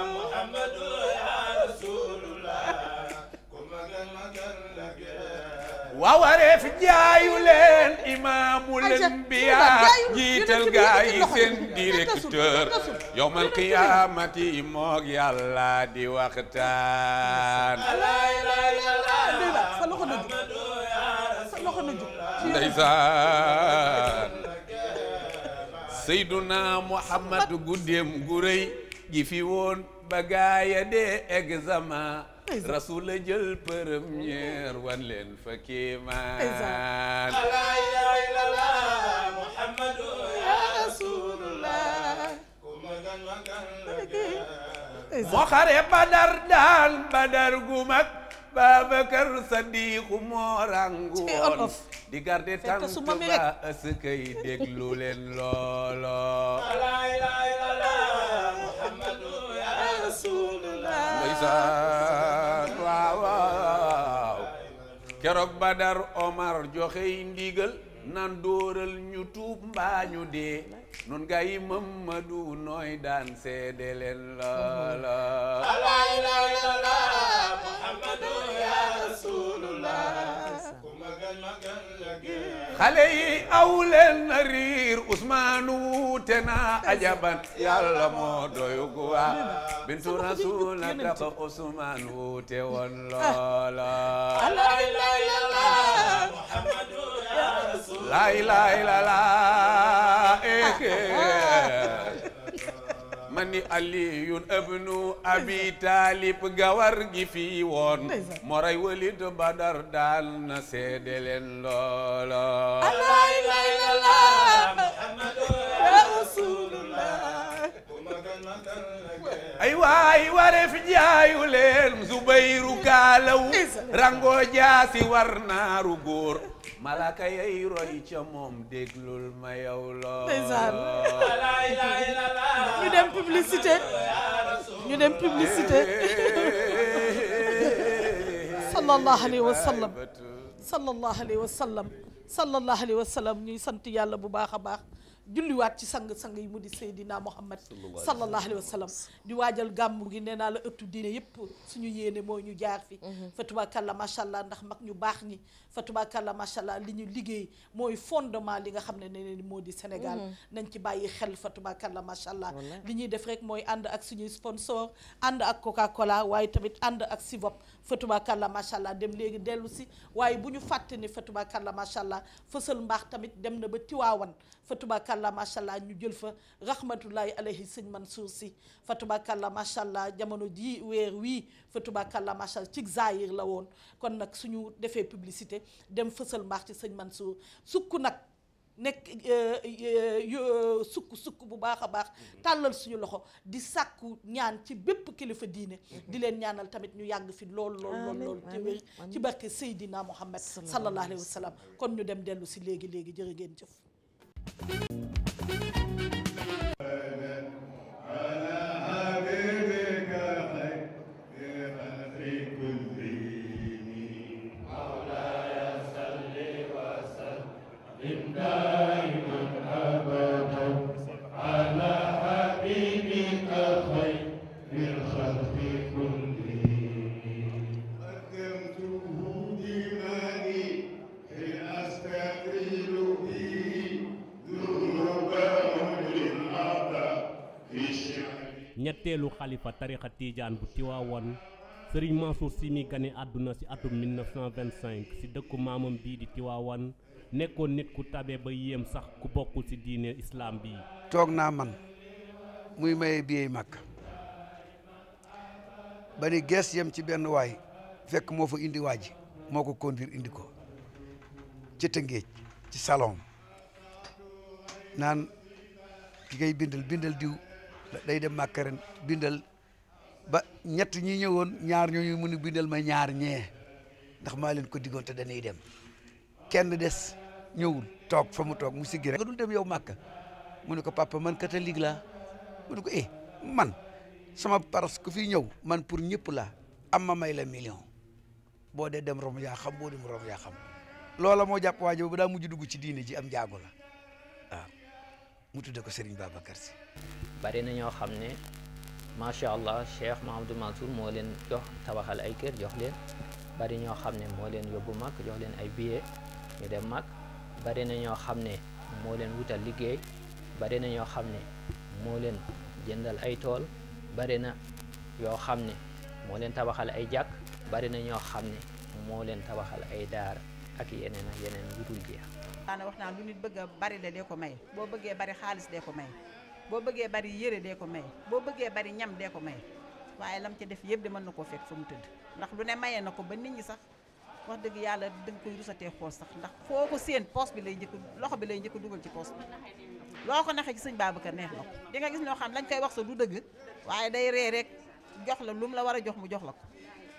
waa wareef jaayu leen imaamul anbiyaa jiital gaa yi seen directeur yowmal qiyaamati moog yàlla di waxtaan ndeysaan seyduna muhammad guddeem gu rëy gi fi woon ba gaaya dee examen rasul la jël première wan leen fa kiimaan la ilaha illallah muhammadu rasulullah moo xare badar daal badar gu mag Babacar Sadiqu moo rangoon di garde tànk ba ëskay déglu leen loolo ustaas waaw keroog Badar Omar joxe ndigal naan dóoral ñu tuub mbaa ñu dee nun ga yi Mamadou nooy daan seede leen la la la ilaha illallah Muhammadu ya rasulullah ku magal magal la xale yi aw leen na riir Ousmane wuute na ajaban yàlla moo doyugu wa bintu rasul a tax Ousmane wuute woon loola la ilaha illallah Muhammadu laay laay la laa eh, ah, eh. ah. ma ni aliyun ibnu abi taalib gawar gi fi woon moo rey badar daal na seede leen loolo laay laay la laa muhammadur rasulullah ay jaayu leen zubayru kaalaw rango jaasi war naaru góor malaaka yay roy ca moom déglul ma yow lool ñu dem publicité ñu dem publicité sallallahu alayhi wa sallam sallallahu alayhi wa sallam sallallahu alayhi wa sallam ñuy sant yàlla bu baax a baax julliwaat ci sang sang yi mu di sey Seydina Muhammad sallallahu alayhi wa sallam di waajal gàmmu gi nee naa la ëttu diine yëpp suñu yéene moo ñu jaar fi mhm. fa la macha allah ndax mag ñu baax ñi fa tubaakalla macha allah li ñu liggéey mooy fondement li nga xam ne ne moo di Sénégal mhm. nañ ci bàyyi xel fa la macha allah li ñuy def rek mooy ànd ak suñuy sponsor ànd ak Coca Cola waaye tamit ànd ak si bopp la macha allah dem léegi dellu si waaye bu ñu fàtte ni la macha allah fësal mbaax tamit dem na ba tiwaawan la macha allah ñu jël fa rahmatullahi alayhi sëñ Mansour si fatubakalla macha allah jamono ji weer wii fatubakalla macha allah ci zaahir la woon kon nag suñu defee publicité dem fësal mbaax ci sëñ Mansour sukk nag nekk euh, euh, euh, sukk sukk bu baax a baax mm-hmm. tàllal suñu loxo di sàkku ñaan ci bépp kilifa diine mm-hmm. di leen ñaanal tamit ñu yàgg fi lool lool lool lool ci barke Seydina Muhammad sallallahu alayhi wa sallam kon ñu dem dellu si léegi léegi jërë ngeen jëf xalifa tarixa tiijaan bu tiwaawoon sëriñ Mansour si mi gane àdduna ci atum 1925 ci dëkku maamam bii di tiwaawan nekkoon nit ku tabe ba yéem sax ku bokkul ci diine islaam bi toog naa man muy maye biyey màkk ba ni gees yem ci benn waay fekk moo fa indi waa ji moo ko conduire indi ko ci Tëngéej ci salon naan ki ngay bindal bindal diw day dem Màkka ren bindal ba ñett ñi ñëwoon ñaar ñooñu mu a bindel ma ñaar ñee ndax maa leen ko diggoon te dañuy dem kenn des ñëwul toog fa mu toog mu siggi rek nga dul dem yow Màkka mu ne ko papa man catholique laa mu ne ko eh man sama parce que fii ñëw man pour ñëpp laa am ma may la million boo dee dem Rome yaa xam boo dem Rome yaa xam loola moo jàpp waajo bu daa mujj dugg ci diine ji am jaago la mu tudde ko Serigne Babacar Sy. bari na ñoo xam ne macha allah Cheikh Mahamadou Mansour moo leen jox tabaxal ay kër jox leen bari ñoo xam ne moo leen yóbbu mag jox leen ay billet ñu dem mag bari na ñoo xam ne moo leen wutal liggéey bari na ñoo xam ne moo leen jëndal ay tool bari na yoo xam ne moo leen tabaxal ay jàkk bari na ñoo xam ne moo leen tabaxal ay daara. ak yeneen ak yeneen yu dul jeex. daanaka wax naa lu nit bëgg bari la dee ko may boo bëggee bari xaalis dee ko may boo bëggee bari yére dee ko may boo bëggee bari ñam dee ko may waaye lam ca def yëpp de mën na koo fekk fa mu tëdd ndax lu ne maye na ko ba nit ñi sax wax dëgg yàlla danga koy rusatee xool sax ndax foo ko seen poos bi lay njëkk loxo bi lay jëkk dugal ci poos bi loo ko naxee ci sëñ Babacar neex na ko di nga gis noo xam dañ koy wax sa du dëgg waaye day ree rek jox la lu la war a jox mu jox la ko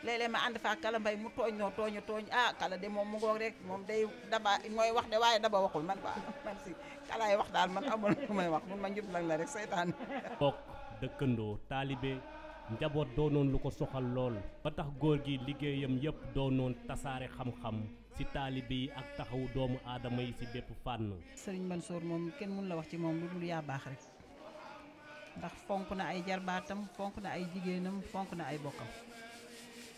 léeg ma ànd fa kala mbay mu tooñ noo tooñu tooñ ah kala moom mu ngoog rek moom day daba mooy wax de waaye daba waxul man waaw man si kalaay wax daal man amul lu may wax mun ma njub lang la rek seytaan bokk dëkkandoo taalibe njaboot doonoon lu ko soxal lool ba tax góor gi liggéeyam yëpp doonoon tasaare xam-xam ci taalibe yi ak taxawu doomu aadama yi ci bépp fànn sëriñ Mansour moom kenn mun la wax ci moom lu dul yaa baax rek ndax fonk na ay jarbaatam fonk na ay jigéenam fonk na ay bokkam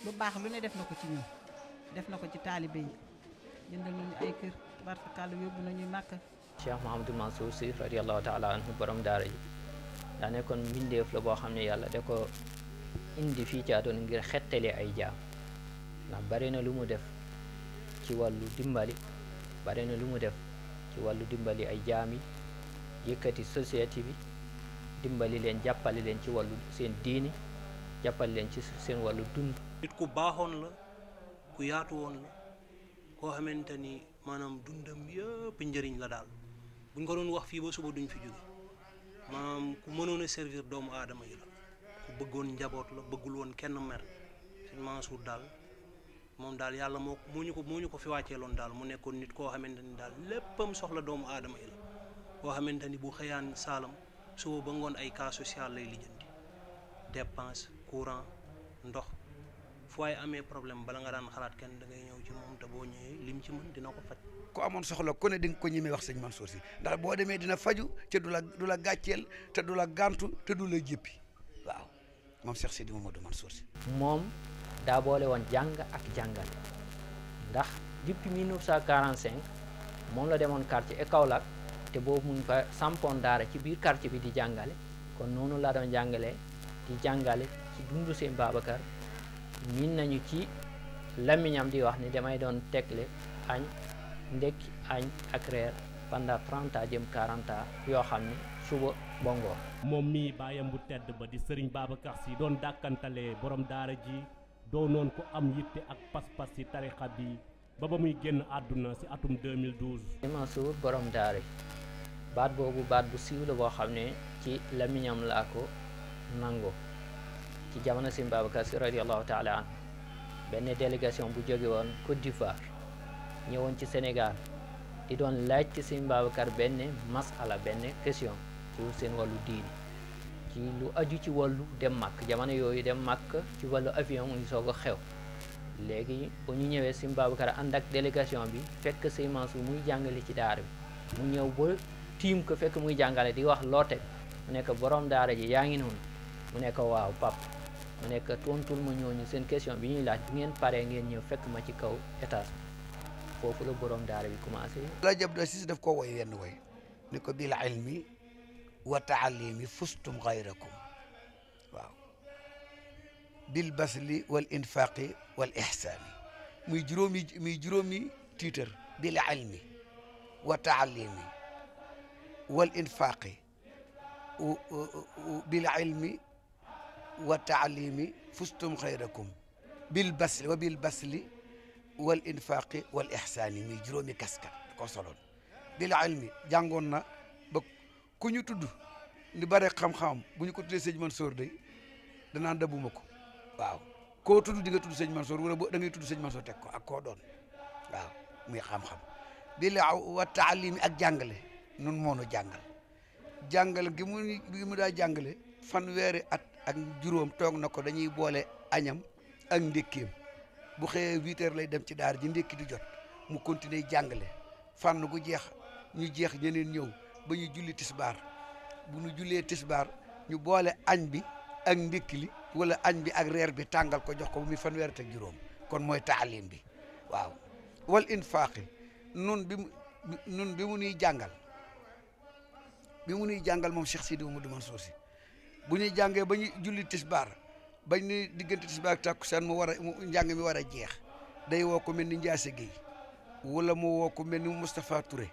lu baax lu ne def na ko ci ñun def na ko ci taalibe yi jëndal nañu ay kër barkal yóbbu nañuy màkk Cheikh Mouhamadul Mansour Sy radiallahu taala borom daara ji daa nekkoon mbindeef la boo xam ne yàlla da ko indi fii ci àdduna ngir xettali ay jaam ndax bare na lu mu def ci wàllu dimbali bare na lu mu def ci wàllu dimbali ay jaam yi yëkkati société bi dimbali leen jàppale leen ci wàllu seen diini jàppale leen ci seen wàllu dund nit ku baaxoon la ku yaatu woon la koo xamante ni maanaam dundam yëpp njëriñ la daal buñ ko doon wax fii ba suba duñ fi jóge maanaam ku mënoon a servir doomu aadama yi la bëggoon njaboot la bëggul woon kenn mer sëñ Mansour daal moom daal yàlla moo moo ko moo ko fi wàcceeloon daal mu nekkoon nit koo xamante ni daal léppam soxla doomu aadama yi koo xamante ni bu xëyaan saalam suba ba ngoon ay cas social lay lijjanti dépense courant ndox waaye amee problème bala nga daan xalaat kenn dangay ngay ñëw ci moom te boo ñëwee lim ci mën dina ko faj ku amoon soxla ku di nga ko ñemee wax sëñ Mansour si ndax boo demee dina faju te du la du la gàcceel te du la gàntu te du la jéppi waaw moom Cheikh Sidi Mamadou Mansour si moom daa boole woon jàng ak jàngal ndax depuis 1945 moom la demoon quartier et te boo mu ngi fa sampoon daara ci biir quartier bi di jàngale kon noonu laa doon jàngale di jàngale ci dund seen Babacar miin nañu ci làmmiñam di wax ni damay doon tegle añ ndekki añ ak reer pendant 30 ans jëm 40 yoo xam ne suba bongoor moom mii bàyyam bu tedd ba di sëriñ Babacar Sy doon dàkkantalee borom daara ji doonoon ko am yitte ak pas-pas ci tarixa bi ba ba muy génn àdduna ci atum 2012. Mansour borom daara baat boobu baat bu siiw la boo xam ne ci làmmiñam laa ko nangoo ci jamono Sëñ Babacar Sy radiallahu taala an benn délégation bu jóge woon Côte d'Ivoire ñëwoon ci Sénégal di doon laaj ci Sëñ Babacar benn masala benn question ci seen wàllu diini ci lu aju ci wàllu dem màkk jamono yooyu dem màkk ci wàllu avion mu ngi soog a xew léegi bu ñu ñëwee Sëñ Babacar ànd ak délégation bi fekk Sëñ Mansour muy jàngale ci daara bi mu ñëw ba tiim ko fekk muy jàngale di wax loote mu nekk borom daara ji yaa ngi noonu mu nekk waaw pap mu nekk tontul ma ñooñu seen question bi ñuy laaj bu ngeen paree ngeen ñëw fekk ma ci kaw étage foofu la borom daara bi commencé. la jab da daf ko woy wenn woy ni ko bil ilmi wa taalimi fustum xayrakum waaw bil basli wal infaqi wal ihsaani juróomi muy juróomi tiitar bil wa taalimi wal wa taalimi fustum xayrakum bil basli wa bil basli wa infaqi wal ihsaani muy juróomi kaska ko soloon bil ilmi jàngoon na ba ku ñu tudd ni bare xam-xam bu ñu ko tuddee sëñ Mansoor day danaan dabuma ko waaw koo tudd di nga tudd sëñ Mansoor wala boo da ngay tudd sëñ Mansoor teg ko ak koo doon waaw muy xam-xam bil wa taalimi ak jàngale nun moonu jàngal jàngale gi mu daa jàngale fanweeri at ak juróom toog na ko dañuy boole añam ak ndékkeem bu xëyee huit lay dem ci daar ji ndékki du jot mu continuer jàngale fànn gu jeex ñu jeex ñeneen ñëw ba ñu julli tisbaar bu ñu jullee tisbaar ñu boole añ bi ak ndékki li wala añ bi ak reer bi tàngal ko jox ko bu muy fanweer juróom kon mooy taalim bi waaw wal infaaqi nun bi mu nun bi mu nuy jàngal bi mu nuy jàngal moom Cheikh mu Mamadou Mansour Sy bu ñuy jàngee ba ñu julli tisbaar bañ ni diggante tisbaar ak tàkkusaan mu war a njàng mi war a jeex day woo ko mel ni Ndiasse Guèye wala mu woo ko mel ni Moustapha Touré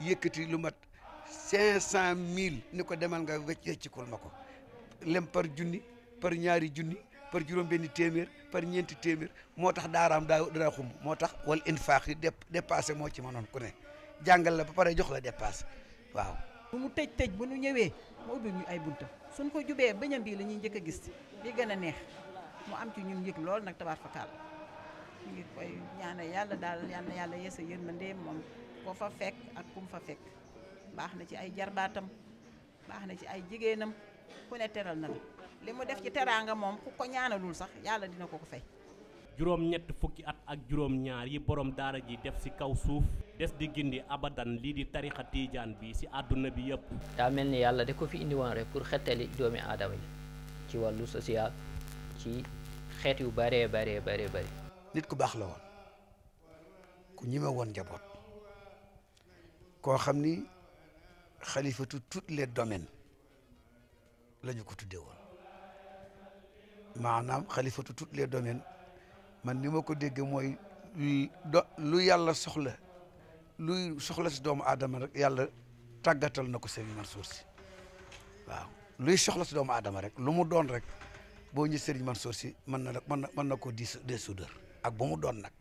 yëkkati lu mat cinq cent mille ni ko demal nga wecc weccikul ma ko lem par junni par ñaari junni par juróom-benni téeméer par ñeenti téeméer moo tax daaraam daa daa xumb moo tax wal infaax yi dépassé moo ci mënoon ku ne jàngal la ba jox la dépassé waaw. bu mu tëj tëj bu nu ñëwee mu ubbi ñu ay buntam. suñ ko jubee bëñam bii la ñuy njëkk a gis bi gën a neex mu am ci ñun yëg lool nag tabaar fakal ñu ngi koy ñaane yàlla daal yàlla yàlla yeesa yërmande moom ko fa fekk ak kum fa fekk baax na ci ay jarbaatam baax na ci ay jigéenam ku ne teral na la li mu def ci teraanga moom ku ko ñaanalul sax yàlla dina ko ko fay juróom-ñett fukki at ak juróom-ñaar yi borom daara ji def ci kaw suuf des di gindi abadan lii di tarixa tiijaan bi ci àdduna bi yépp daa mel ni yàlla da ko fi indi woon rek pour xettali doomi aadama ci wàllu social ci xeet yu bare bare bare bare nit ku baax la woon ku ñime woon njaboot koo xam ni xalifatu tous les domaines la ñu ko tudde woon maanaam xalifatu tous les domaines man ni ma ko dégg mooy do lu yàlla soxla lu soxla si doomu aadama rek yàlla tàggatal na ko Serigne Mansour si waaw luy soxla si doomu aadama rek lu mu doon rek boo ñu Serigne Mansour si mën na mën na mën na ko di des soudeur ak bu mu doon nag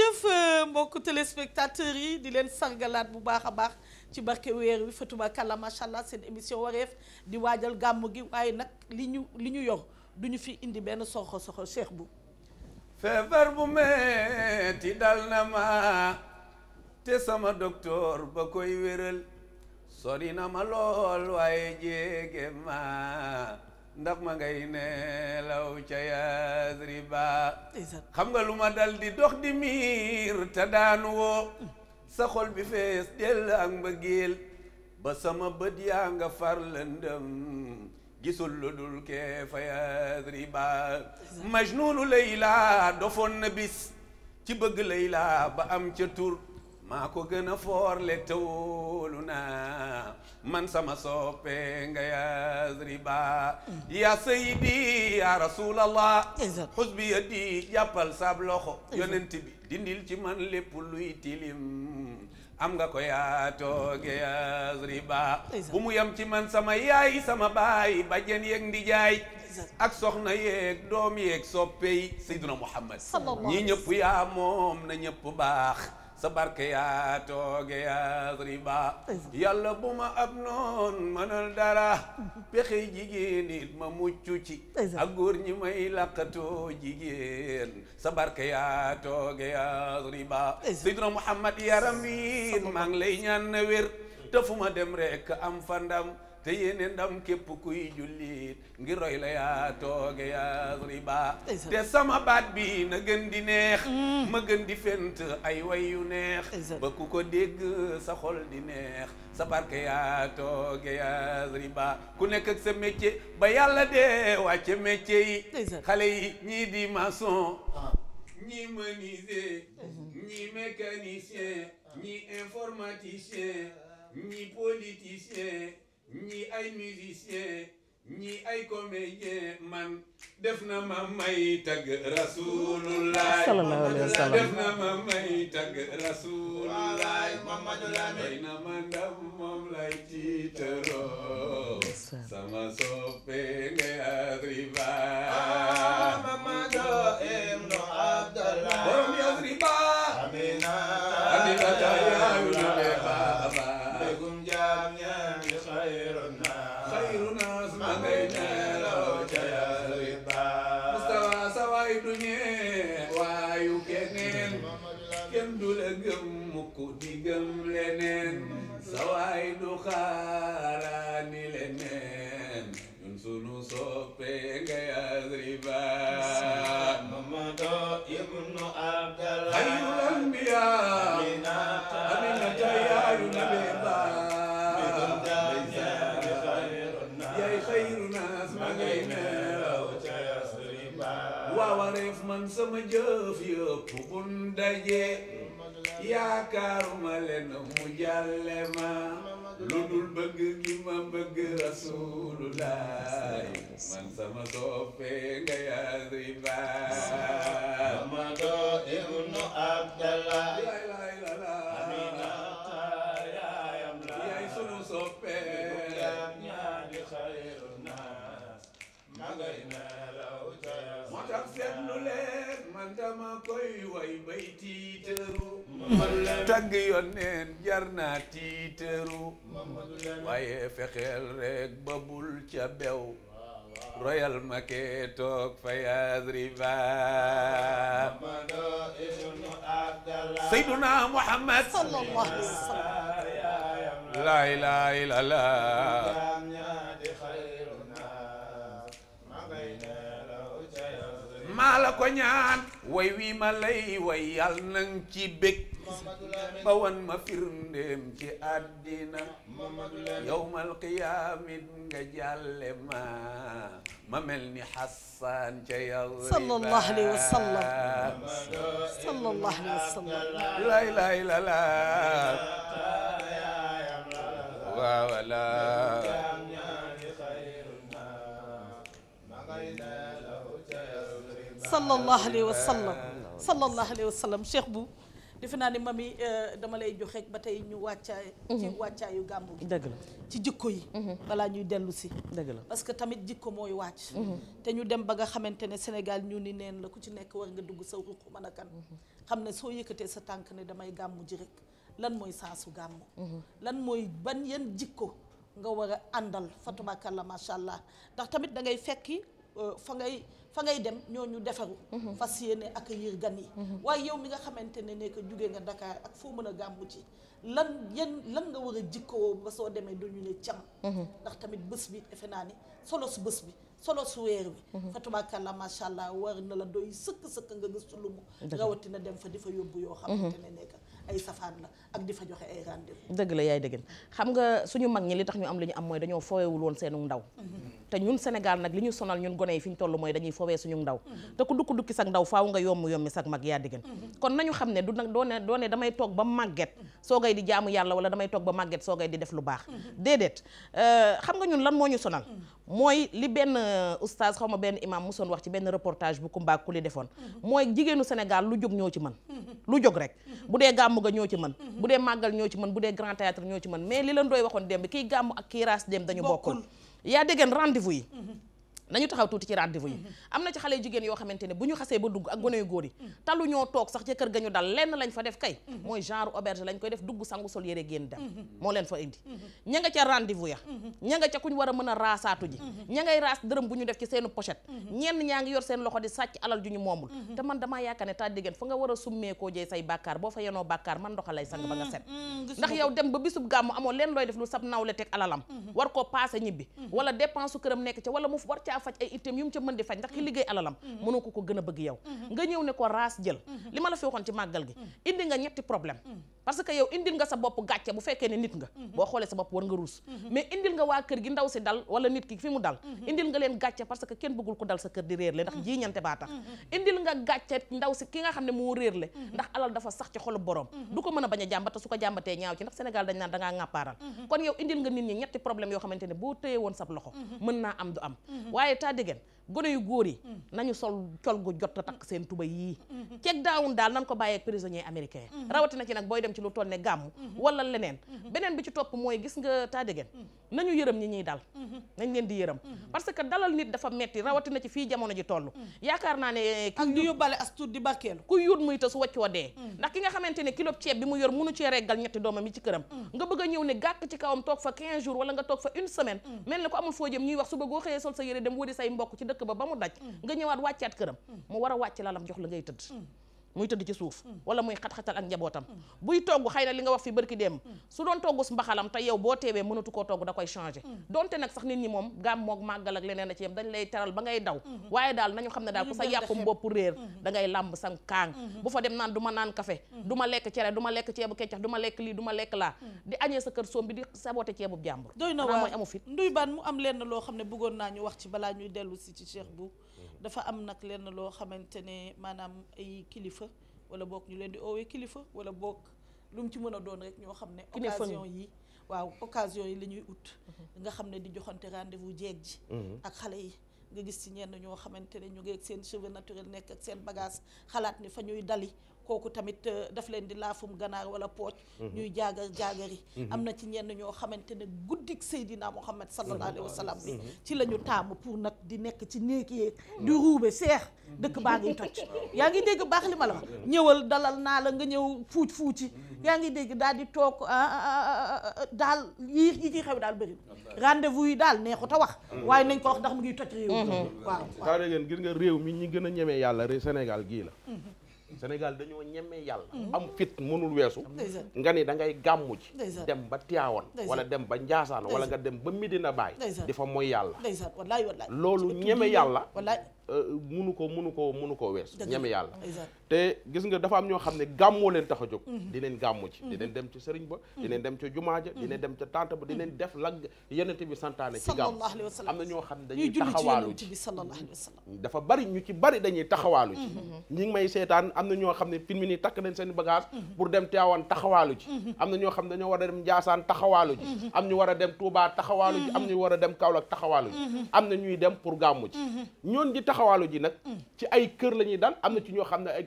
jërëjëf euh, mbokk téléspectateurs yi di leen sargalaat bu baax a baax ci barke weer wi fatubakàlla macha allah seen émission wareef di waajal gàmm gi waaye nag li ñu li ñu yor du ñu fi indi benn soxo soxo cheikh bu feebar bu metti dal na ma te sama docteur ba koy wéral sori na ma lool waaye jéege ma ndax ma ngay neelaw ca Yasriba xam nga lu ma dal di dox di miir te daanu woo sa xol bi fees dell ak mbëggeel ba sama bët yaa nga far lëndëm gisul lu dul kee fa Yasriba majnuunu Layla dofoon na bis ci bëgg Layla ba am ca tur maa ko gën a foorle tawóolu na man sama soppe nga yasriba ya sayidi ya rasulallah xusbi ya di jàppal sab loxo yonent bi dindil ci man lépp luy tilim am nga ko yaatooge yasriba bu mu yam ci man sama yaay sama baay bajjen yeeg ndijaay ak soxna yeeg doom yeeg soppe yi sayduna muhammad ñi ñëpp yaa moom na ñëpp baax sa barke yaa tooge yasriba yàlla bu ma ab noon mënal dara pexe jigéen it ma mucc ci ak góor ñi may làqatoo jigéen barke yaa tooge Muhammad yaram wi maa ngi lay ñaan na wér te fu dem rek am fandam te yéene ndam képp kuy jullit ngir roy yaa tooge yaa riba te sama baat bi na gën di neex mm. ma gën di fent ay way yu neex ba ku ko dégg sa xol di neex sa barke yaa tooge yaa riba ku nekk sa métier ba yàlla dee wàcce métier yi xale yi ñii di maçon ah. ñii menuisier ñii mécanicien ñii informaticien ñii politicien ñii ay musicien ñii ay comédien man def na ma may tagg rasulullah sallallahu alayhi wa sallam def na ma may tagg rasulullah may na ma ndam moom sama soppe ngay jëf yëpp buñ daje yaakaaruma lu dul bëgg gi ma bëgg rasulullah man sama soppe nga yaa riba ma dama koy way bay tiitaru tagg yoneen jar naa tiitaru waaye fexeel rek ba bul ca bew royal make toog fayaz riva sayduna muhammad sallallahu alaihi wasallam la ilaha illallah maa la ko ñaan way wi ma lay way yàlla nang ci bég ba wan ma firndeem ci àddina yowmal qiyaamit nga jàlle ma ma mel ni xasaan ca yow sallallahu alayhi wa sallam sallallahu alayhi wa sallam laa ilaaha illallaah waawala sallallahu alayhi wa sallam sallallahu alayhi wa sallam cheikh bu defe naa ne mami euh, dama lay jox rek ba tey ñu wàccaay ci mhm. wàccaayu gàmmu gi dëgg la ci jikko yi mhm. balaa ñuy dellu si dëgg la parce que tamit jikko mooy wàcc mhm. te ñu dem ba nga xamante ne Sénégal ñu ni neen la ku ci nekk war nga dugg sa ruq mën a kan xam ne soo yëkkatee sa tànk ne damay gàmmu ji rek lan mooy saasu gàmmu lan mooy ban yan jikko nga war a àndal fatubaakalla macha allah ndax tamit da ngay fekki Euh, fa ngay fa ngay dem ñooñu defaru mhm. fas ak accueillir gan yi mhm. waaye yow mi nga xamante ne nekk jóge nga Dakar ak foo mën a gàmbu ci lan yan lan nga war a jikkoo ba soo demee duñu ne cam mhm. ndax tamit bës bi defe naa ni solo su bés bi solo su weer wi la macha allah war na la doy sëkk-sëkk nga gëstu lu mu rawatina dem fa di fa yóbbu yoo xamante ne nekk ay safaan la ak di fa joxe ay rendez-vous dëgg la yaay dëgg xam nga suñu mag ñi li tax ñu am li ñu am mooy dañoo foowewul woon seenu ndaw te ñun Sénégal nag li ñu sonal ñun gone yi fi ñu toll mooy dañuy fowee suñu ndaw mhm. te ku dukk dukki sag ndaw faaw nga yomb yombi sag mag yaa diggan mhm. kon nañu xam ne du nag doonee doone damay toog ba màgget mhm. soogay di jaamu yàlla wala damay toog ba màgget soogay di def lu baax déedéet euh, xam nga ñun lan moo ñu sonal mooy li benn euh, oustaz xaw ma benn imam musoon wax ci benn reportage bu Kumba Kuli defoon mooy jigéenu Sénégal lu jóg ñoo ci man lu jóg rek dee gàmmu ga ñoo ci mën bu dee màggal ñoo ci mën bu dee grand théâtre ñoo ci mën mais li leen dooy waxoon démb kii gàmmu ak kii raas démb dañu bokkul yaa dégg rendez-vous nañu taxaw tuuti ci rendez yi am na ci xale jigéen yoo xamante ne bu ñu xasee ba dugg ak gone yu góor yi mm. talu ñoo toog sax ca kër ga ñu dal lenn lañ fa def kay mm-hmm. mooy genre auberge lañ koy def dugg sangu sol yére génn dem mm-hmm. moo leen fa indi ña ca rendez ya ña nga ca mm-hmm. kuñ war a mën a raasaatu ji ña ngay dërëm bu ñu def ci seenu pochette ñenn ñaa ngi yor seen loxo di sàcc alal ju ñu moomul te man damaa yaakaar ne taat diggéen fa nga war a summee koo jey say bàkkaar boo fa yenoo bàkkaar man ba nga set ndax yow dem ba bisub gàmmu amoo leen looy def lu sab faj ay itteem yu mu ca mën di faj ndax ki mm. liggéey alalam mm-hmm. mënoo ko ko gën a bëgg yow mm-hmm. nga ñëw ne ko raas jël mm-hmm. li ma la fi waxoon ci màggal gi indi nga ñetti problème parce que yow indil nga sa bopp gàcce bu fekkee ne nit nga mhm. boo xoolee sa bopp war nga ruus mhm. mais indil nga waa kër gi ndaw si dal wala nit ki fi mu dal mhm. indil nga leen gàcce parce que kenn bëggul ko dal sa kër di réer le ndax jiiñante baa tax indil nga gàcce ndaw si ki nga xam ne moo réer le ndax alal dafa sax ci xol borom du ko mën a bañ a jàmbata su ko jàmbatee ñaaw ci ndax Sénégal dañ naan da ngaa ŋàppaaral kon yow indil nga nit ñi ñetti problème yoo xamante ne boo téye woon sab loxo mën naa am du am waaye taa diggéen gone yu góor yi mm. nañu sol col gu jot a takk mm. seen tuba yii ceeg mm-hmm. daawun daal nan ko bàyyee prisonnier américain mm-hmm. rawatina ci nag booy dem ci lu toll ne gàmm mm-hmm. wala leneen beneen bi ci topp mooy gis nga taadegen nañu ñi ñuy dal nañ leen di yërëm parce que dalal nit dafa metti rawatina ci fii jamono ji toll yaakaar naa mm. ne kilo ceeb bi mu yor munu cee reggal ñetti doomam yi ci këram nga bëgg a ñëw ne gàkk ci kawam toog fa 15 jours wala nga toog fa une semaine mel ni ko amul foo jëm ñuy wax suba goo dëkk ba ba mu daj mm. nga ñëwaat wàccaat këram mm. mu war a wàcc lalam jox la ngay tëdd mm. muy tëdd ci suuf mm. wala muy xat-xatal ak njabootam mm. buy togg xëy na li nga wax fii barki dem mm. su doon togg su mbaxalam te yow boo teewee mënatu koo togg da koy changé donte nag sax nit ñi moom gàmm moog màggal leneen a ci yem lay teral ba ngay daw mm-hmm. waaye daal nañu xam ne daal ku sa yàppum bopp réer mm-hmm. da ngay làmb sa kaang mm-hmm. bu fa dem naan du ma naan café du ma lekk cere du ma lekk ceebu keccax du ma lekk lii du ma lekk laa di añee sa kër soom bi di ceebu jàmbur doy na waa mooy amu fit nduy mu am lenn loo xam ne bëggoon naa ñu wax ci balaa ñuy dellu si ci cheikh bu dafa am nag lenn loo xamante ne maanaam ay kilifa wala bokk ñu leen di oowee kilifa wala boog lu mu ci mën a doon rek ñoo xam ne occasion yi waaw occasion yi la ñuy ut mhm. nga xam ne di joxante rendez bu jeeg ji mhm. ak xale yi nga gis ci ñenn ñoo xamante ne ñu ngi ak seen cheveux naturel nekk ak seen bagage xalaat ni fa ñuy dali kooku tamit euh, daf leen di laafum ganaar wala pooj mhm. ñuy jaagar jaagari mhm. am na ci ñenn ñoo xamante ne guddik Seydina Muhammad sallallahu alayhi wa sallam bi mhm. ci la ñu taamu pour nag di nekk ci néeg yeeg di ruube seex dëkk baa ngi toj yaa ngi dégg baax li ma la ñëwal dalal naa la nga ñëw fuuj fuuc ci yaa ngi dégg daal di toog ah, ah, ah, daal yi yi ci xew daal bëri rendez-vous yi daal neexut a wax waaye nañ ko wax ndax mu ngi toj réew réew mi ñu gën a ñemee yàlla Sénégal gii la Sénégal dañoo ñemee yàlla. Mm-hmm. am fit mënul weesu. nga ni da ngay gàmmu ji. dem ba Tiwaawan. wala dem ba Njaasaan wala nga dem ba Medina Baay. di fa mooy yàlla. wallaay wallaay loolu ñeme yàlla. wallaay munu ko munu ko munu koo weesu. ñeme yàlla. te gis nga dafa am ñoo xam ne gàmmoo leen tax a jóg. Mm-hmm. di leen gàmmu ci di mm-hmm. leen dem ci sëriñ ba. di leen dem ci jumaa ja di leen dem ca tànt ba di leen def la yenente bi santaane. ci gàmm am na ñoo xam ne dañuy taxawaalu ji dafa bari ñu ci bari dañuy taxawaalu ji ñi ngi may seetaan am na ñoo xam ne fi mu nii takk nañ seen bagage mhm. pour dem Tiwaawan taxawaalu ji mhm. am na ñoo xam ne dañoo war a dem Njaasaan taxawaalu ji mhm. am ñu war a dem Tuubaa taxawaalu am ñu war a dem Kaolack taxawaalu am na ñuy dem pour gàmmu ji ñoon di taxawaalu ji nag ci ay kër lañuy ñuy dal am na ci ñoo xam ne ay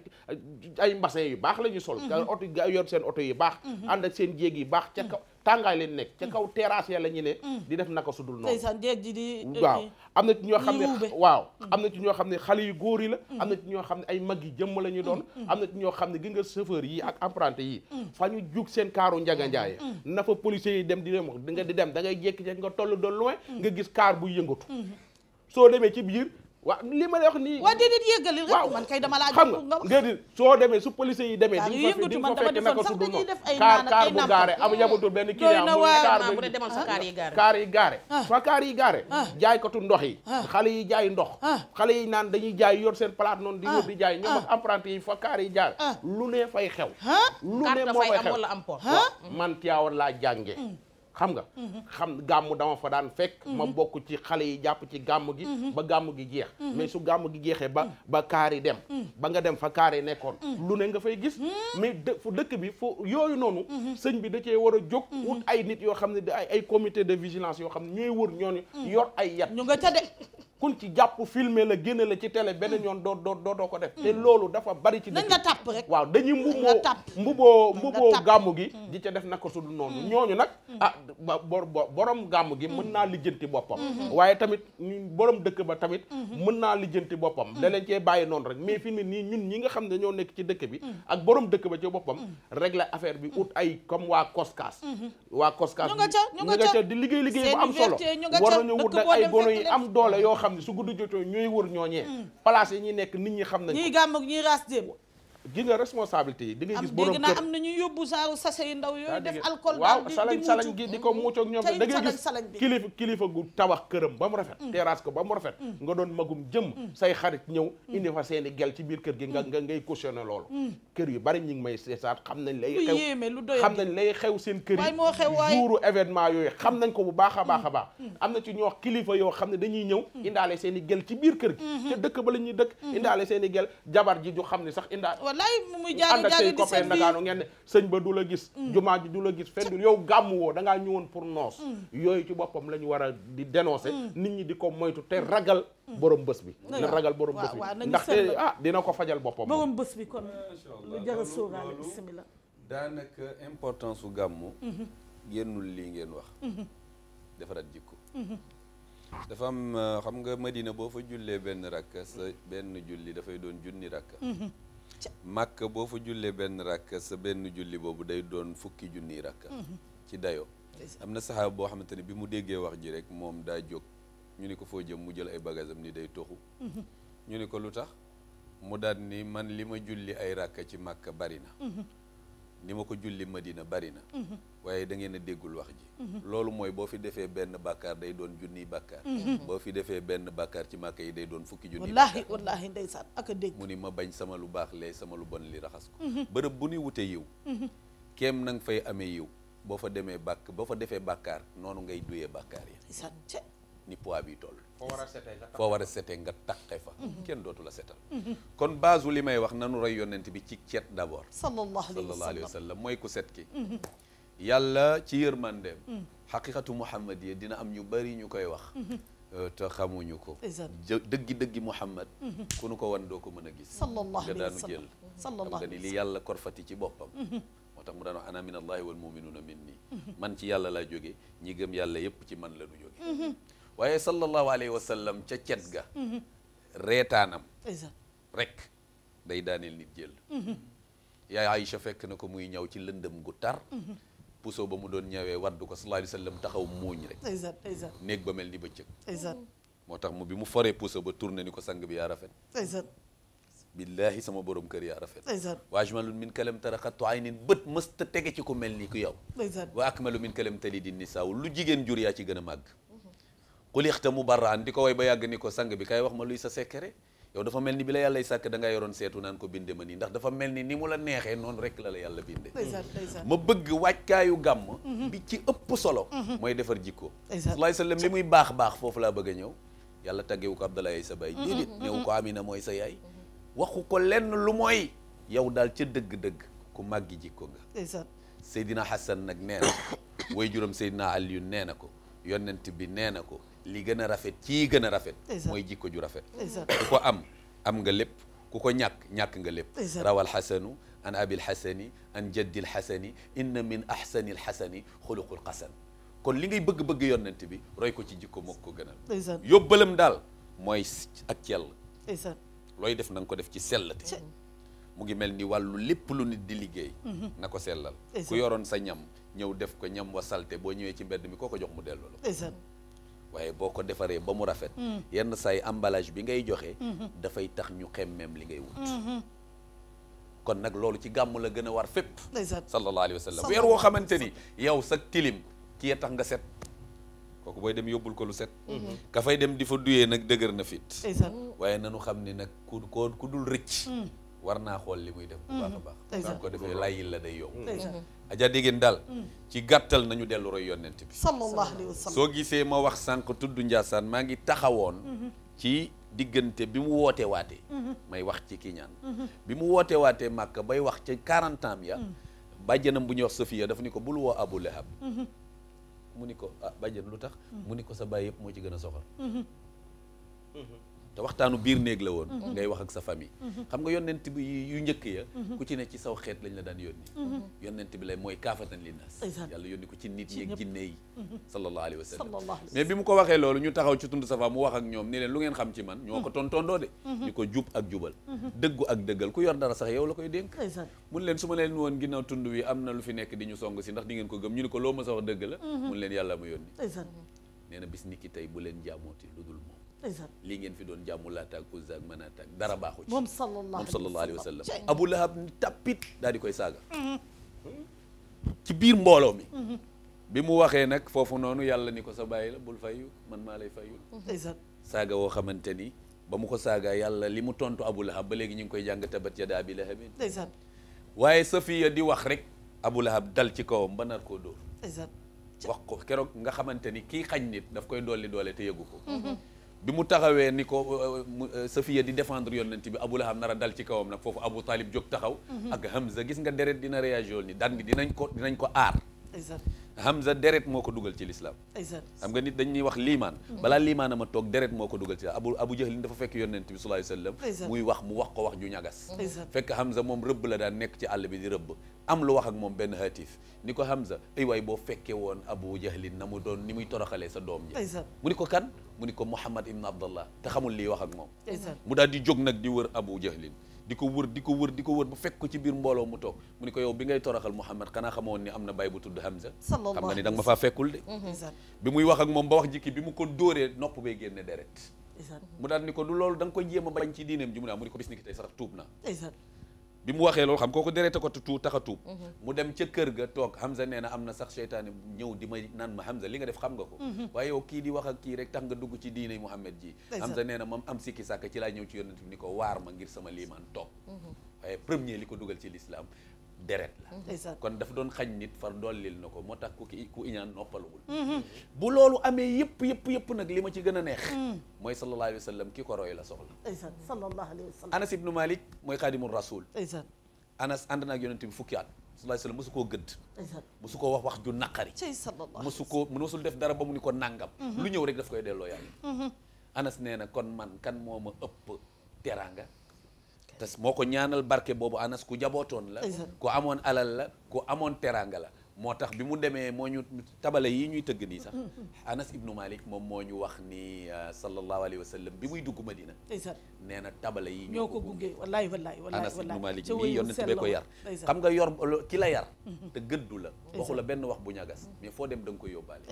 ay mbasin yu baax la ñuy sol oto yor seen oto yu baax ànd ak seen jéeg yi baax ca kaw tàngaay leen nekk ca mm. kaw terrasse ya la ñu ne mm. di def naka sudul noonu ndeysaan jeeg ji di eh, waaw eh, am na ci ñoo xam ne waaw mm. am na ci ñoo xam ne xale yu góor yi la am na ci ñoo xam ne ay mag yi jëmm la ñu doon am na ci ñoo xam ne gi nga chauffeur yi ak apprenti yi fa ñu jug seen kaaru njaganjaaye na fa policiers yi dem di dem wax di nga di dem da ngay jékki-jékki nga toll doon loin nga gis kaar buy yëngatu soo demee ci biir waaw li ma lay wax nii. waaw déedéet yëgali rek man kay dama laaj. xam nga soo demee su police yi demee. waaw yëngatu man dama defoon sax dañuy def ay naan benn kii demal sa ah? kaar yi gaare. kaar gaare fa yi gaare. Ah. Ah. jaaykatu ndox yi. xale yi jaay ndox. xale yi naan dañuy jaay yor seen palaat noonu di di jaay ñoom ak yi fa yi jaay. lu ne xew. lu xew carte am wala am port. laa jàngee. Hmm. xam nga mm-hmm. xam gàmm dama fa daan fekk mm-hmm. ma bokk ci xale yi jàpp ci gàmm gi mm-hmm. ba gàmm gi jeex mais su gàmm gi jeexee ba mm. ba kaari dem mm. ba nga dem fa kaari nekkoon mm. lu ne nga fay gis mais fu dëkk bi fu yooyu noonu sëñ bi da cee war a jóg wut ay nit yoo xam ne ay ay comité de vigilance yoo xam ne ñooy wër ñooñu yor ay yat ñu nga ca de kun ci jàpp filmer la génne la ci télé benn mm. yoon doo doo doo ko def te loolu dafa bari ci dëkk nañ la tàpp rek waaw dañuy mbuboo mbuboo mbuboo gàmmu gi mm. di ca def naka su dul noonu mm. ñooñu nag ah, bo borom gàmmu gi mën naa lijjanti boppam mm-hmm. waaye tamit borom dëkk ba tamit mm-hmm. mën naa lijjanti boppam da leen bàyyi noonu rek mais fi mu nii ñun ñi nga xam ne ñoo nekk ci dëkk bi ak borom dëkk ba ci boppam régler affaire bi ut ay comme waa koskaas mm-hmm. waa koskaas ñu nga ca di liggéey liggéey bu am solo war nañu wut ay gono yi am doole yoo xam xam ne su guddi jotoo ñooy wër ñooñee mm. place yi ñuy nekk nit ñi xam nañ ñuy gàmm ak ñuy raas dem gi nga responsabilité yi di nga gis borom kër am na ñu yóbbu genre sachet yu ndaw yooyu def alcool waaw salañ salañ gi di ko muucoog ñoom da ngay gis kilifa kilifa këram ba mu rafet mm. terrasse ko ba mu rafet mm. nga doon magum jëm mm. say xarit ñëw indi fa seeni gel ci kër gi nga ngay cautionné loolu kër yu bari ñu ngi may seesaat xam nañ lay xew xam nañ lay xew seen kër yi jouru événement yooyu xam nañ ko bu baax a baax a baax am na ci ñoo kilifa yoo xam ne dañuy ñëw indaale seeni gel ci biir kër gi mm-hmm. ca dëkk ba la ñuy dëkk mm-hmm. indaale seeni gel jabar ji ju xam ne sax indaale wallaay muy jaari jaari di seen ndakaanu ngeen sëñ ba du la gis mm. jumaa ji du la gis fenn yow gàmmu woo da ñëwoon pour noos mm. yooyu ci boppam la ñu war a di dénoncer mm. nit ñi di ko moytu te ragal borom bës bi na ragal borom bës bi ndaxte ah dina ko fajal boppam borom bës bi kon eh, lu jar a sóoraale daa daanaka importance su gàmmu mm-hmm. génnul lii ngeen wax mm-hmm. defaraat jikko mm-hmm. dafa am euh, xam nga Madina boo fa jullee benn rakka sa benn julli dafay doon junni rakka màkk boo fa jullee benn ràkk sa benn julli boobu day doon fukki junni rakk mhm. ci dayoo am na saxaaba boo xamante ne bi mu déggee wax ji rek moom daa jóg ñu ni ko foo jëm mu jël ay bagage am ni day toxu mhm. ñu ni ko lu tax mu daal ni man li ma julli ay rakk ci màkk bari na mhm. ni ma ko julli ma dina bari na mhm. waaye da ngeen déggul wax ji mhm. loolu mooy boo fi defee benn bàkkaar day doon junniy bàkkaar mhm. boo fi defee benn bàkkaar ci màkka yi day doon fukki junniy wallaahi wallaahi ndeysaan ak a dégg mu ni ma bañ sama lu baax lee sama lu bon li raxas ko bërëb bu ni wutee yiw keem na nga fay amee yiw boo fa demee bàkk boo fa defee bàkkaar noonu ngay duyee bàkkaar yi ni poids bi toll foo war a setee nga taqe fa kenn dootu la setal kon baasu li may wax nanu roy yonent bi ci cet d'abord sallallahu alayhi wa sallam mooy ku set ki yàlla ci yërmandeem xaqiqatu muhammad yi dina am ñu bari ñu koy wax euh, te xamuñu ko dëggi dëggi muhammad ku nu ko wan doo ko mën a gis nga daanu jël xam nga ni li yàlla korfati ci boppam moo tax mu daan wax ana min allahi wal muminuuna min nii man ci yàlla laa jóge ñi gëm yàlla yépp ci man la nu jóge waaye sallallahu alayhi wa sallam ca cet ga mm-hmm. reetaanam rek day daaneel nit jël mm-hmm. yaay Aïcha fekk na ko muy ñaw ci lëndëm gu tar mm-hmm. puso ba mu doon ñawee waddu ko sallallahu alayhi wa sallam taxaw muuñ rek néeg ba mel ni bëccëg moo tax mu bi mu foree puso ba tourné ni ko sang bi yaa rafet billahi sama borom kër yaa rafet wa ajmalu min kalam tara xattu aynin bët mësta tege ci ku mel ni ku yow wa akmalu min kalam tali di nisaaw lu jigéen jur yaa ci gën a màgg xulixta mu barraan di ko way ba yàgg ni ko sang bi kay wax ma luy sa secret yow dafa mel ni bi la yàllay sàkk dangay nga yoroon seetu naan ko bindee ma nii ndax dafa mel ni ni mu la neexee noonu rek la la yàlla binde ma bëgg wàccaayu gàmm mhm. bi ci ëpp solo mhm. mooy defar jikko sallallahu alayhi wasallam li muy baax baax foofu laa bëgg ñëw yàlla taggewu ko Abdallah ay sa baay mhm. déedéet néew ko Amina mooy sa yaay waxu ko lenn lu mooy yow daal ca dëgg-dëgg ku màggi jikko nga Seydina Hassan nag nee na way juróom Seydina Aliyun nee na ko yonent bi nee na ko li gën a rafet ci gën a rafet mooy jikko ju rafet ku ko am am nga lépp ku ko ñàkk ñàkk nga lépp rawal xasanu an abil xasani an jaddil xasani inna min ahsanil xasani xuluqul xasan kon li ngay bëgg-bëgg yonent bi roy ko ci jikko moo ko gënal yóbbalam daal mooy ak cell looy def nang ko def ci sellate mu ngi mel ni wàllu lépp lu nit di liggéey mhm. na ko sellal ku yoroon sa ñam ñëw def ko ñam wa salte boo ñëwee ci mbedd mi koo ko jox mu delloo la waaye boo ko defaree ba mu rafet mm. yenn saa emballage bi ngay joxe. Mm-hmm. dafay tax ñu xemmeem li ngay wut mm-hmm. kon nag loolu ci gàmm la gën a war fépp sallallahu weer woo xamante ni yow sa tilim kii tax nga set kooku booy dem yóbbul ko lu set mm-hmm. ka fay dem di fa duyee nag dëgër na fit waaye nanu xam ni nag ku ko ku dul rëcc mm. war naa xool li muy def bu baax a mhm. baax saa ko defee layyil la day yomb aja mhm. déggéen daal mhm. ci gàttal nañu dellu roy yonent bi sallallahu alayhi soo gisee ma wax sànq tudd Njaasaan maa ngi taxawoon ci diggante bi mu woote waate may wax ci kii bi mu woote waatee màkk bay wax ci quarante ans ya bàjjanam bu ñuy wax Safiya dafa ni ko bul woo Abu Lahab mu ni ko ah lu tax mu ne ko sa baay yëpp moo ci gën a soxor te waxtaanu biir néeg la woon mhm. ngay wax ak sa famille mhm. xam nga yonent bi yu njëkk ya mhm. ku ci ne ci saw xeet lañ la daan yónni yonent bi lay mooy kaafatan li nas yàlla yónni ko ci nit yi ak jinne yi sallallahu alayhi wa sallam mais bi mu ko waxee loolu ñu taxaw ci tund safa mu wax ak ñoom ni leen lu ngeen xam ci man ñoo ko tontondoo de ñu ko jub ak jubal dëggu ak dëggal ku yor dara sax yow la koy dénk mun leen su ma leen woon ginnaaw tund wi am na lu fi nekk di ñu si ndax di ngeen ko gëm ñu ni ko loo sa wax dëgg la mun leen yàlla mu yónni ni ki tey bu leen jaamooti lu dul lii ngeen fi doon jàmmu laata ak Uzza ak Manaata ak dara baaxu ci moom sallallahu alayhi wa sallam Abu Lahab ni tappit daal di koy saaga mm-hmm. biir mbooloo mi mm-hmm. mu waxee nag foofu noonu yàlla ni ko sa bàyyi la bul fayu man maa lay fayul mm-hmm. saaga woo xamante ni ba mu ko saaga yàlla li mu tontu Abu Lahab ba léegi ñu ngi koy jàng tabat yadaa abi lahabin waaye Safiya di wax rek Abu Lahab dal ci kawam ba nar wax ko keroog nga xamante ni kii xañ nit daf koy dolli doole te yëgu ko bi mu taxawee ni ko euh, euh, euh, Safiya di défendre yonent bi Abu Lahab nara dal ci kawam nag foofu Abu Talib jóg taxaw. Mhm. ak Hamza gis nga deret dina réagir ni daan bi dinañ ko dinañ ko aar. Hamza deret moo ko dugal ci lislaam xam nga nit dañ dañuy wax limaan balaa liimaana ma toog deret moo ko dugal ci abu abu jahlin dafa fekk yonent bi sa alayhi wasallam muy wax mu wax ko wax ju ñagas fekk Hamza moom rëbb la daan nekk ci àll bi di rëbb am lu wax ak moom benn haatif ni ko Hamza ay waay boo fekkee woon abu jahlin na mu doon ni muy toroxalee sa doom ji mu ni ko kan mu ni ko Muhammad ibn Abdallah te xamul lii wax ak moom mu daal di jóg nag di wër abu jahlin di ko wër di ko wër di ko wër ba fekk ko ci biir mbooloo mu toog mu ni ko yow bi ngay toraxal Muhammad xanaa xamoon ni am na baay bu tudd Hamza xam nga ni da nga ma faa fekkul de bi muy wax ak moom ba wax jikki bi mu ko dóoree nopp bay génne deret mu daal ni ko du loolu da ko jéem a bañ ci diineem ji mu ne ah mu ni ko bis tey sax tuub na bi mu waxee loolu xam kooku derete ko tuub tax a tuub mhm. mu dem ca kër ga toog Hamza nee na am na sax seytaane ñëw di may naan ma Hamza li nga def xam nga ko mhm. waaye yow kii di wax kii rek tax nga dugg ci diine Muhammad ji Hamza nee na moom am sikki sàkk ci laa ñëw ci yonent bi ni ko waar ma ngir sama liimaan toog mhm. waaye premier li ko dugal ci lislaam deret la mhm. kon dafa doon xañ nit far dollil na ko moo tax ku ki ku iñaan noppaluwul mhm. bu loolu amee yëpp yëpp nag li ma ci gën a neex mhm. mooy sallallahu alayhi wa ki ko roy la soxla sallallahu alayhi wa sallam anas ibnu malik mooy xaadimul rasul anas ànd na ak yonente bi fukki at sallallahu alayhi wa sallam mosu koo gëdd mosu koo wax wax ju naqari mosu koo mosul def dara ba mu ni ko nàngam lu ñëw rek daf koy delloo yàlla anas nee na kon man kan moo ma ëpp teraanga te moo ko ñaanal barke boobu anas ku jabootoon la ku amoon alal la ku amoon teraanga la moo tax bi mu demee moo ñu tabale yi ñuy tëgg nii sax anas ibnu malik moom moo ñu wax ni euh, sallallahu alayhi wa sallam bi muy dugg madina nee na tabale yi ñoo ko gunge wallahi wallahi wallahi anas ibnu malik mii yonent bee ko yar xam nga yor ki la yar te gëddu la waxu la benn wax bu ñagas mais foo dem danga nga koy yóbbaale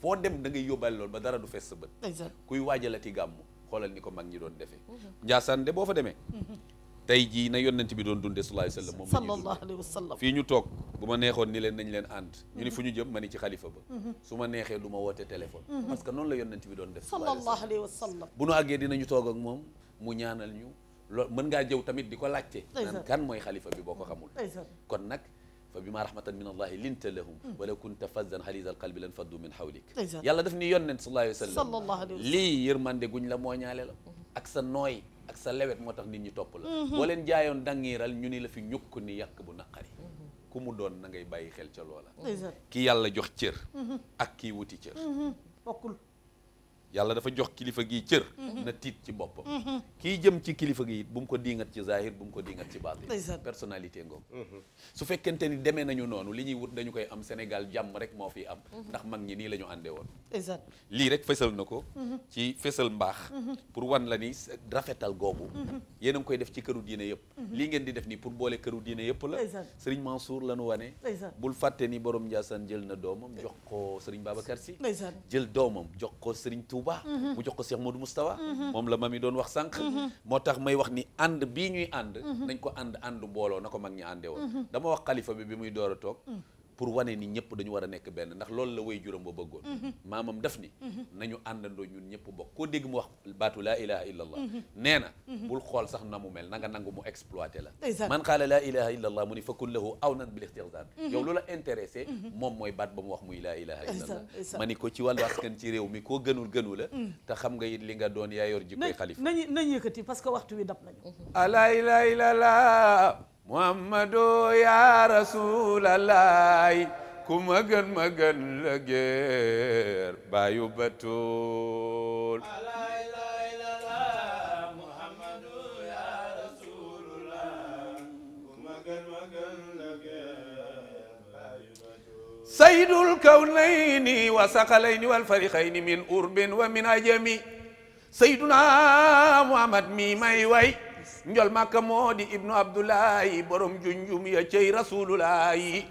foo dem da ngay yóbbaale loolu ba dara du fees sa bët kuy waajalati gàmmu xoolal ni ko mag ñi doon defee mhm. Njaasaan de boo fa demee tey jii na yonent bi doon dunde sallallahu alayhi wa sallam moom alayhi wa sallam fii ñu toog bu ma neexoon ni leen nañ leen ànd mhm. ñu ni fu ñu jëm ma ni ci xalifa ba mhm. su ma neexee du ma woote téléphone parce que noonu la yonent bi doon def sallallahu alayhi wa sallam bu nu àggee dinañu toog ak moom mu ñaanal ñu loolu mën ngaa jëw tamit di ko laajte naan kan mooy xalifa bi boo ko xamul kon nag fa bi ma rahmatan min allahi linta lahum wala kunta fazan xaliza alqalbi lan faddu min xawlik yàlla daf ni yonent sallallahu alayhi wa sallam lii yërmande guñ la moo ñaale la ak sa nooy ak sa lewet moo tax nit ñi topp la boo leen jaayoon dangiiral ñu ni la fi ñukk ni yàq bu naqari ku mu doon na ngay bàyyi xel ca loola ki yàlla jox cër ak kii wuti cër bokkul yàlla dafa jox kilifa gi cër mhm. na tiit ci boppam mhm. kii jëm ci kilifa gi it bu mu ko diingat ci zahir bu mu ko diingat ci baat personnalité ngoom mhm. su fekkente ni demee nañu noonu li ñuy wut dañu koy am Sénégal jàmm rek moo fi am ndax mag ñi nii la ñu àndee woon lii rek fësal na ko ci fësal mbaax pour wan la ni rafetal googu yéen a ngi koy def ci këru diine yëpp lii ngeen di def nii pour boole këru diine yëpp la Serigne Mansour la nu wane bul fàtte ni borom Ndiassane jël na doomam jox ko Serigne Babacar Sy jël doomam jox ko Touba. Mhm. mu jox ko Cheikh du Moustapha. Mhm. moom la ma mi doon wax sànq. Mhm. moo tax may wax ni ànd bii ñuy ànd. nañ ko ànd ànd booloo na ko mag ñi àndee woon. dama wax kalifa bi bi muy door a toog. pour wane ni ñëpp dañu war a nekk benn ndax loolu la way juróom ba bëggoon mhm. maamam daf ni mhm. nañu àndandoo ñun ñëpp bokk koo dégg mu wax baatu mhm. na bul na mu mel na nga la man qaala laa ilaha illa allah mu ba mu wax muy laa ilaha illa allah ma ni ko ci wàllu mi koo gënul la te xam nga li nga doon yaa yor jikkoy xalifa nañu nañu yëkkati parce que waxtu wi dab nañu muhammadu ya rasulallaahi ku ma gën ma gën la géer bàyyu batul سيد الكونين وثقلين والفريقين من أرب ومن عجم سيدنا محمد مي ماي واي njol makka moo di ibnu abdoulahi borom junjum ya cey rasulullahi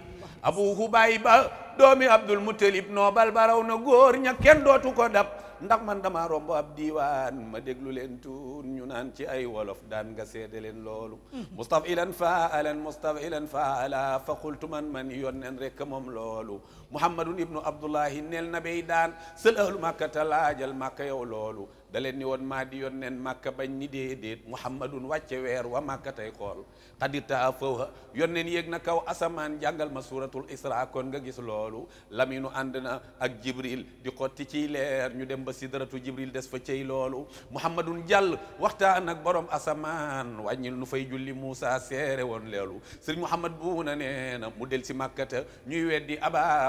abuhu baay ba doomi abdul mutalib noobal baraw na góor ña kenn dootu ko dab ndax man dama romb ab diiwaan ma déglu leen tuun ñu naan ci ay wolof daan nga seede leen loolu mm-hmm. mustafilan faalan mustafilan faala fa qultu man man yonnen rekk moom loolu muhammadun ibnu abdullahi neel na bey daan sël ahlu màkka laajal màkka yow loolu da leen ni woon maa di yoon nen màkka bañ ni déedéet muhammadun wàcce weer wa màkka tey xool xadita fawha yon neen yéeg na kaw asamaan jàngal ma suratul isra kon nga gis loolu laminu ànd na ak jibril di xotti ciy leer ñu dem ba sidratu jibril des fa cey loolu muhammadun jàll waxtaan ak borom asamaan wàññil nu fay julli muusa seere woon leelu sëriñ muhammad buuna nee mu del si màkkata ñuy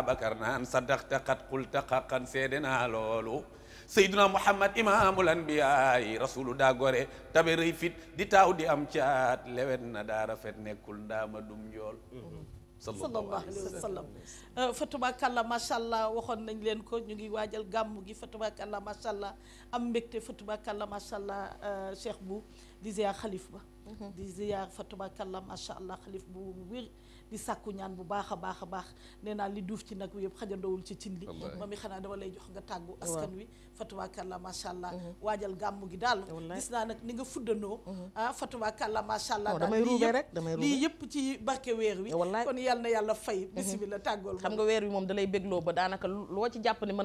Bakar naan sadaqta qad qulta xaqan seede naa loolu Seydina Muhammad imaamul anbiyaayi rasulu daa gore tabe rëy fit di taaw di am caat lewet na daa rafet nekkul ndaama dum njool sallallahu alayhi wa sallam uh, fatabaarakalla macha allah waxoon nañ leen ko ñu ngi waajal gàmmu gi fatabaarakalla macha allah am mbégte fatabaarakalla macha allah uh, cheikh bu di ziar xalif ba mhm. di ziar fatabaarakalla macha allah xalif bu wér di sàkku ñaan bu baax a baax a baax nee naa li duuf ci nag wi yëpp xajandoowul ci cin li ma mi xanaa dama lay jox nga tàggu askan wi fatubaakalla macha allah. Mhm. waajal gàmmu gi daal gis naa nag ni nga mhm. ah, allah oh, damay ruubee rek lii yëpp ci barke weer wi eh, kon yal na yàlla fay mhm. bismillah tàggool xam ba daanaka loo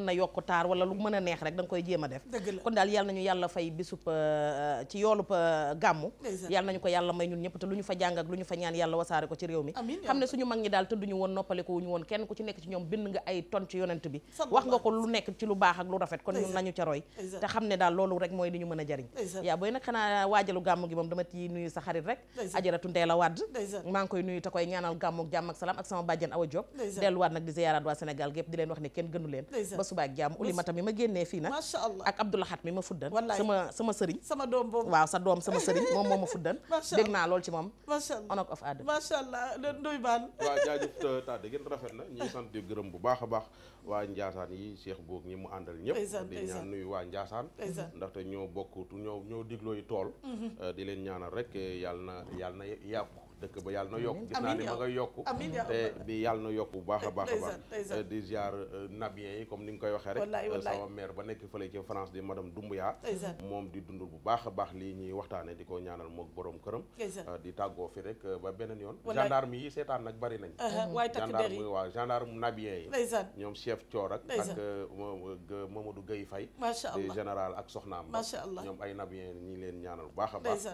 na yokk da nga koy jéem a def kon daal yal nañu yàlla fay bisub euh, euh, ci yoolub euh, gàmmu yal nañu ko yàlla may ñun ñëpp te lu ñu fa jàng ak lu ñu fa ñaan yàlla wasaare ko ci réew mi xam ne suñu mag ñi daal tëdduñu woon noppaliku wuñu woon kenn ku ci nekk ci ñoom bind nga ay ton ci yonent bi wax nga ko lu nekk ci lu baax ak lu rafet kon ñun nañu ca roy te xam ne daal loolu rek mooy li ñu mën a jariñ yaa booy nag xanaa waajalu gàmmu gi moom dama ci nuyu sa xarit rek ajaratu Ndella Wade maa ngi koy nuyu te koy ñaanal gàmmu ak jàmm ak salaam ak sama bàjjen Awa Diop delluwaat nag di ziyaaraat waa Sénégal gépp di leen wax ne kenn gënu leen ba suba ak jàmm ulimata mi ma génnee fii nag ak Abdoulahat mi ma fuddan sama sëriñ waaw sa doom sama sëriñ moom moo ma fuddan dégg naa lool ci moom onok of add euh, a ñaan nuyu waa Njaasaan ndaxte ñoo bokk ñoo ñoo diglooy tool mm-hmm. euh, di leen ñaanal rek yàlla na yàlla na yàqu dëkk ba yàlla na yokk gis naa ni na yokk bu baax a baax a baax di ziar euh, nabien yi comme ni nga koy waxee rek sama mère ba nekk fële ci France di madame Doumbouya moom di dund bu baax a baax lii ñuy waxtaane di ko ñaanal moog borom këram euh, di tàggoo fi rek euh, ba beneen yoon gendarme yi seetaan nag bari nañ gendarme waaw gendarme nabien yi ñoom chef Thior ak ak Mamadou Gueye Faye di général ak soxnaam ñoom ay nabien ñi leen ñaanal bu baax a baax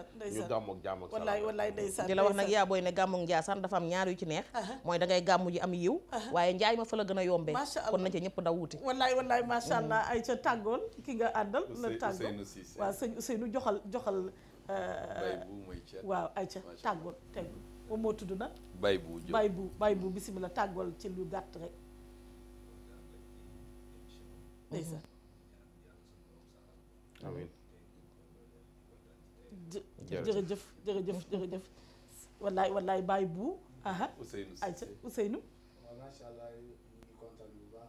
ñu Adja Boy ne gàmmu Njaasaan dafa am ñaar yu ci neex mooy da ngay gàmmu ji am yiw waaye njaay ma fa la gën a yombee kon na ca ñëpp daw wuti wallaay wallaay macha allah mm. ay ca tàggoon ki nga àddal la tàggoon waaw sëñ Ousseynou joxal joxal euh, waaw ay ca tudd na bay bu bay bu bay tàggool ci lu gàtt rek ndeysaan amiin jërëjëf jërëjëf jërëjëf wallaay wallaay bàyyi bu. Ousseynou Cissé ayca Ousseynou. waaw macha allah ñu ngi kontaan bu baax.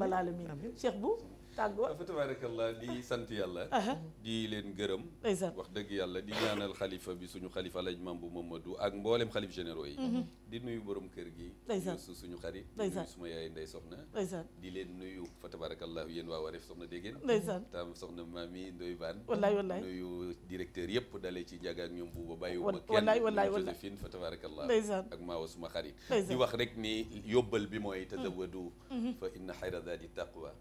rabbal aalamiin cheikh bu. tàggoo dafa tabarakallah di sant yàlla di leen gërëm wax dëgg yàlla di ñaanal xalifa bi sunu xalifa laaj mam bu Mamadou ak mboolem xalif généraux yi mhm. di nuyu borom kër gi su suñu xarit di nuyu suma yaay ndey soxna di leen nuyu fa tabarakallah yéen waa Wareef soxna déggéen tam soxna mami Ndoy Baan wallaay wallaay nuyu directeur yëpp dalee ci Njaga ak ñoom buuba bàyyiwuma kenn Joséphine fa tabarakallah ak maawa suma xarit di wax rek ni yóbbal bi mooy mhm. tazawadu mhm. fa inna xayra zaadi taqwa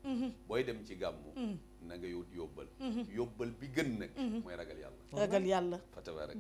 booy dem ci gàmmu hmm. na nga yóot yóbbal yóbbal bi gën nag mooy ragal yàlla ragal yàlla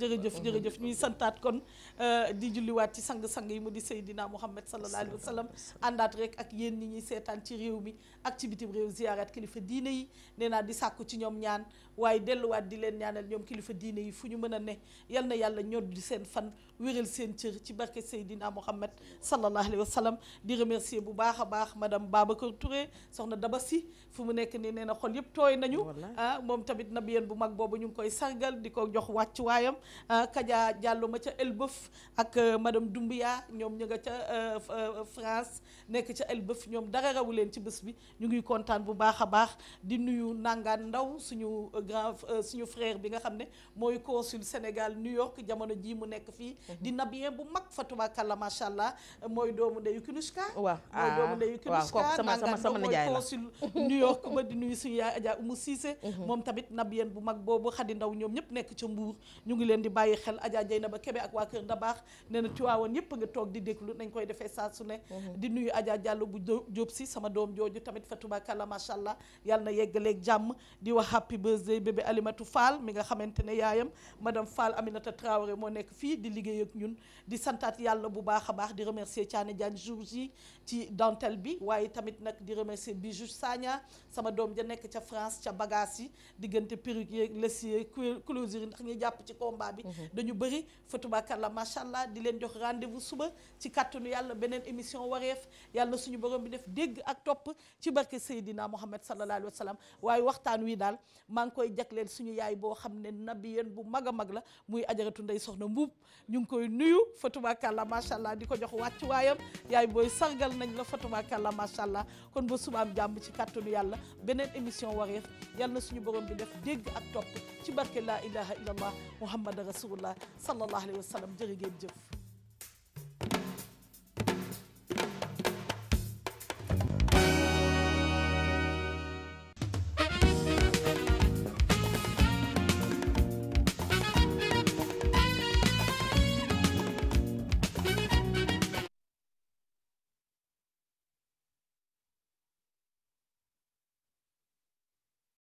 jërëjëf jërëjëf ñuy santaat kon euh, di julliwaat ci sang-sang yi mu di Seydina Muhammad sallallahu alayhi wa sallam àndaat rek ak yéen ñi ñuy seetaan ci réew mi ak ci bitim réew ziyaaraat kilifa diine yi nee naa di sàkku ci ñoom ñaan waaye delluwaat di leen ñaanal ñoom kilifa diine yi fu ñu mën a ne yal na yàlla ñodd di seen fan wéral seen cër ci barke Seydina Muhammad sallallahu alayhi wa sallam di remercier bu baax a baax madame Babacar Touré soxna Daba Si fu mu nekk nii nee na xol yëpp tooy nañu ah, moom tamit nabiyeen bu mag boobu ñu ngi koy sargal di ko jox wàccuwaayam ah, Kaja Diallo ma ca Elbeuf ak ah, madame Doumbia ñoom ñu nga ca France nekk ca Elbeuf ñoom dara rawu leen ci bés bi ñu ngi kontaan bu baax a baax di nuyu nangaan ndaw suñu grand suñu frère bi nga xam ne mooy consul Sénégal New York jamono jii mu nekk fii mhm. di nabiyeen bu mag fatabaarakalla macha allah mooy doomu ndeyu Kinushka mooy doomu ndeyu Kinushka nangaan ndaw mooy consul New York Adja Oumou Cissé mhm. moom tamit nabiyeen bu mag boobu xadi ndaw ñoom ñëpp nekk ca mbuur ñu ngi leen di bàyyi xel Adja Dieynaba Kébé ak waa Kër Ndabaax nee na Tiwaawan yëpp nga toog di déglu nañ koy defee saa su ne mhm. di nuyu Adja Diallo bu Jóob si sama doom jooju tamit fatubaakàlla macha allah yàlla na yeggaleeg jàmm di wax happy birthday bébé Alimatou Fall mi nga xamante ne yaayam madame Fall Aminata Traoré moo nekk fii di liggéey ak ñun di santaat bu baax a baax di remercier Thiané Diagne jour ji ci dentelle bi waaye tamit nag di remercier Bijou Sagna sama doom ja nekk ca France ca bagage yi diggante perruque yeeg lessier closure yi ndax ñuy jàpp ci combat bi mhm. dañu bëri la macha allah di leen jox rendez-vous suba ci kàttanu yàlla beneen émission wareef yàlla suñu borom bi def dégg ak topp ci barke Seydina Muhammad sallallahu alayhi wa sallam waaye waxtaan wi daal maa ngi koy leen suñu yaay boo xam ne nabi yéen bu mag a mag la muy ajaratu ndey soxna mbuub ñu ngi koy nuyu la macha allah di ko jox wàccu waayam yaay booy sargal nañ la fatubakalla macha kon ba subaam jàmm ci kàttanu yàlla beneen émission wareef yal na suñu borom bi def dégg ak topp ci barke laa ilaha illallah muhammad rasulullah sallallahu alayhi wa sallam jërë ngeen jëf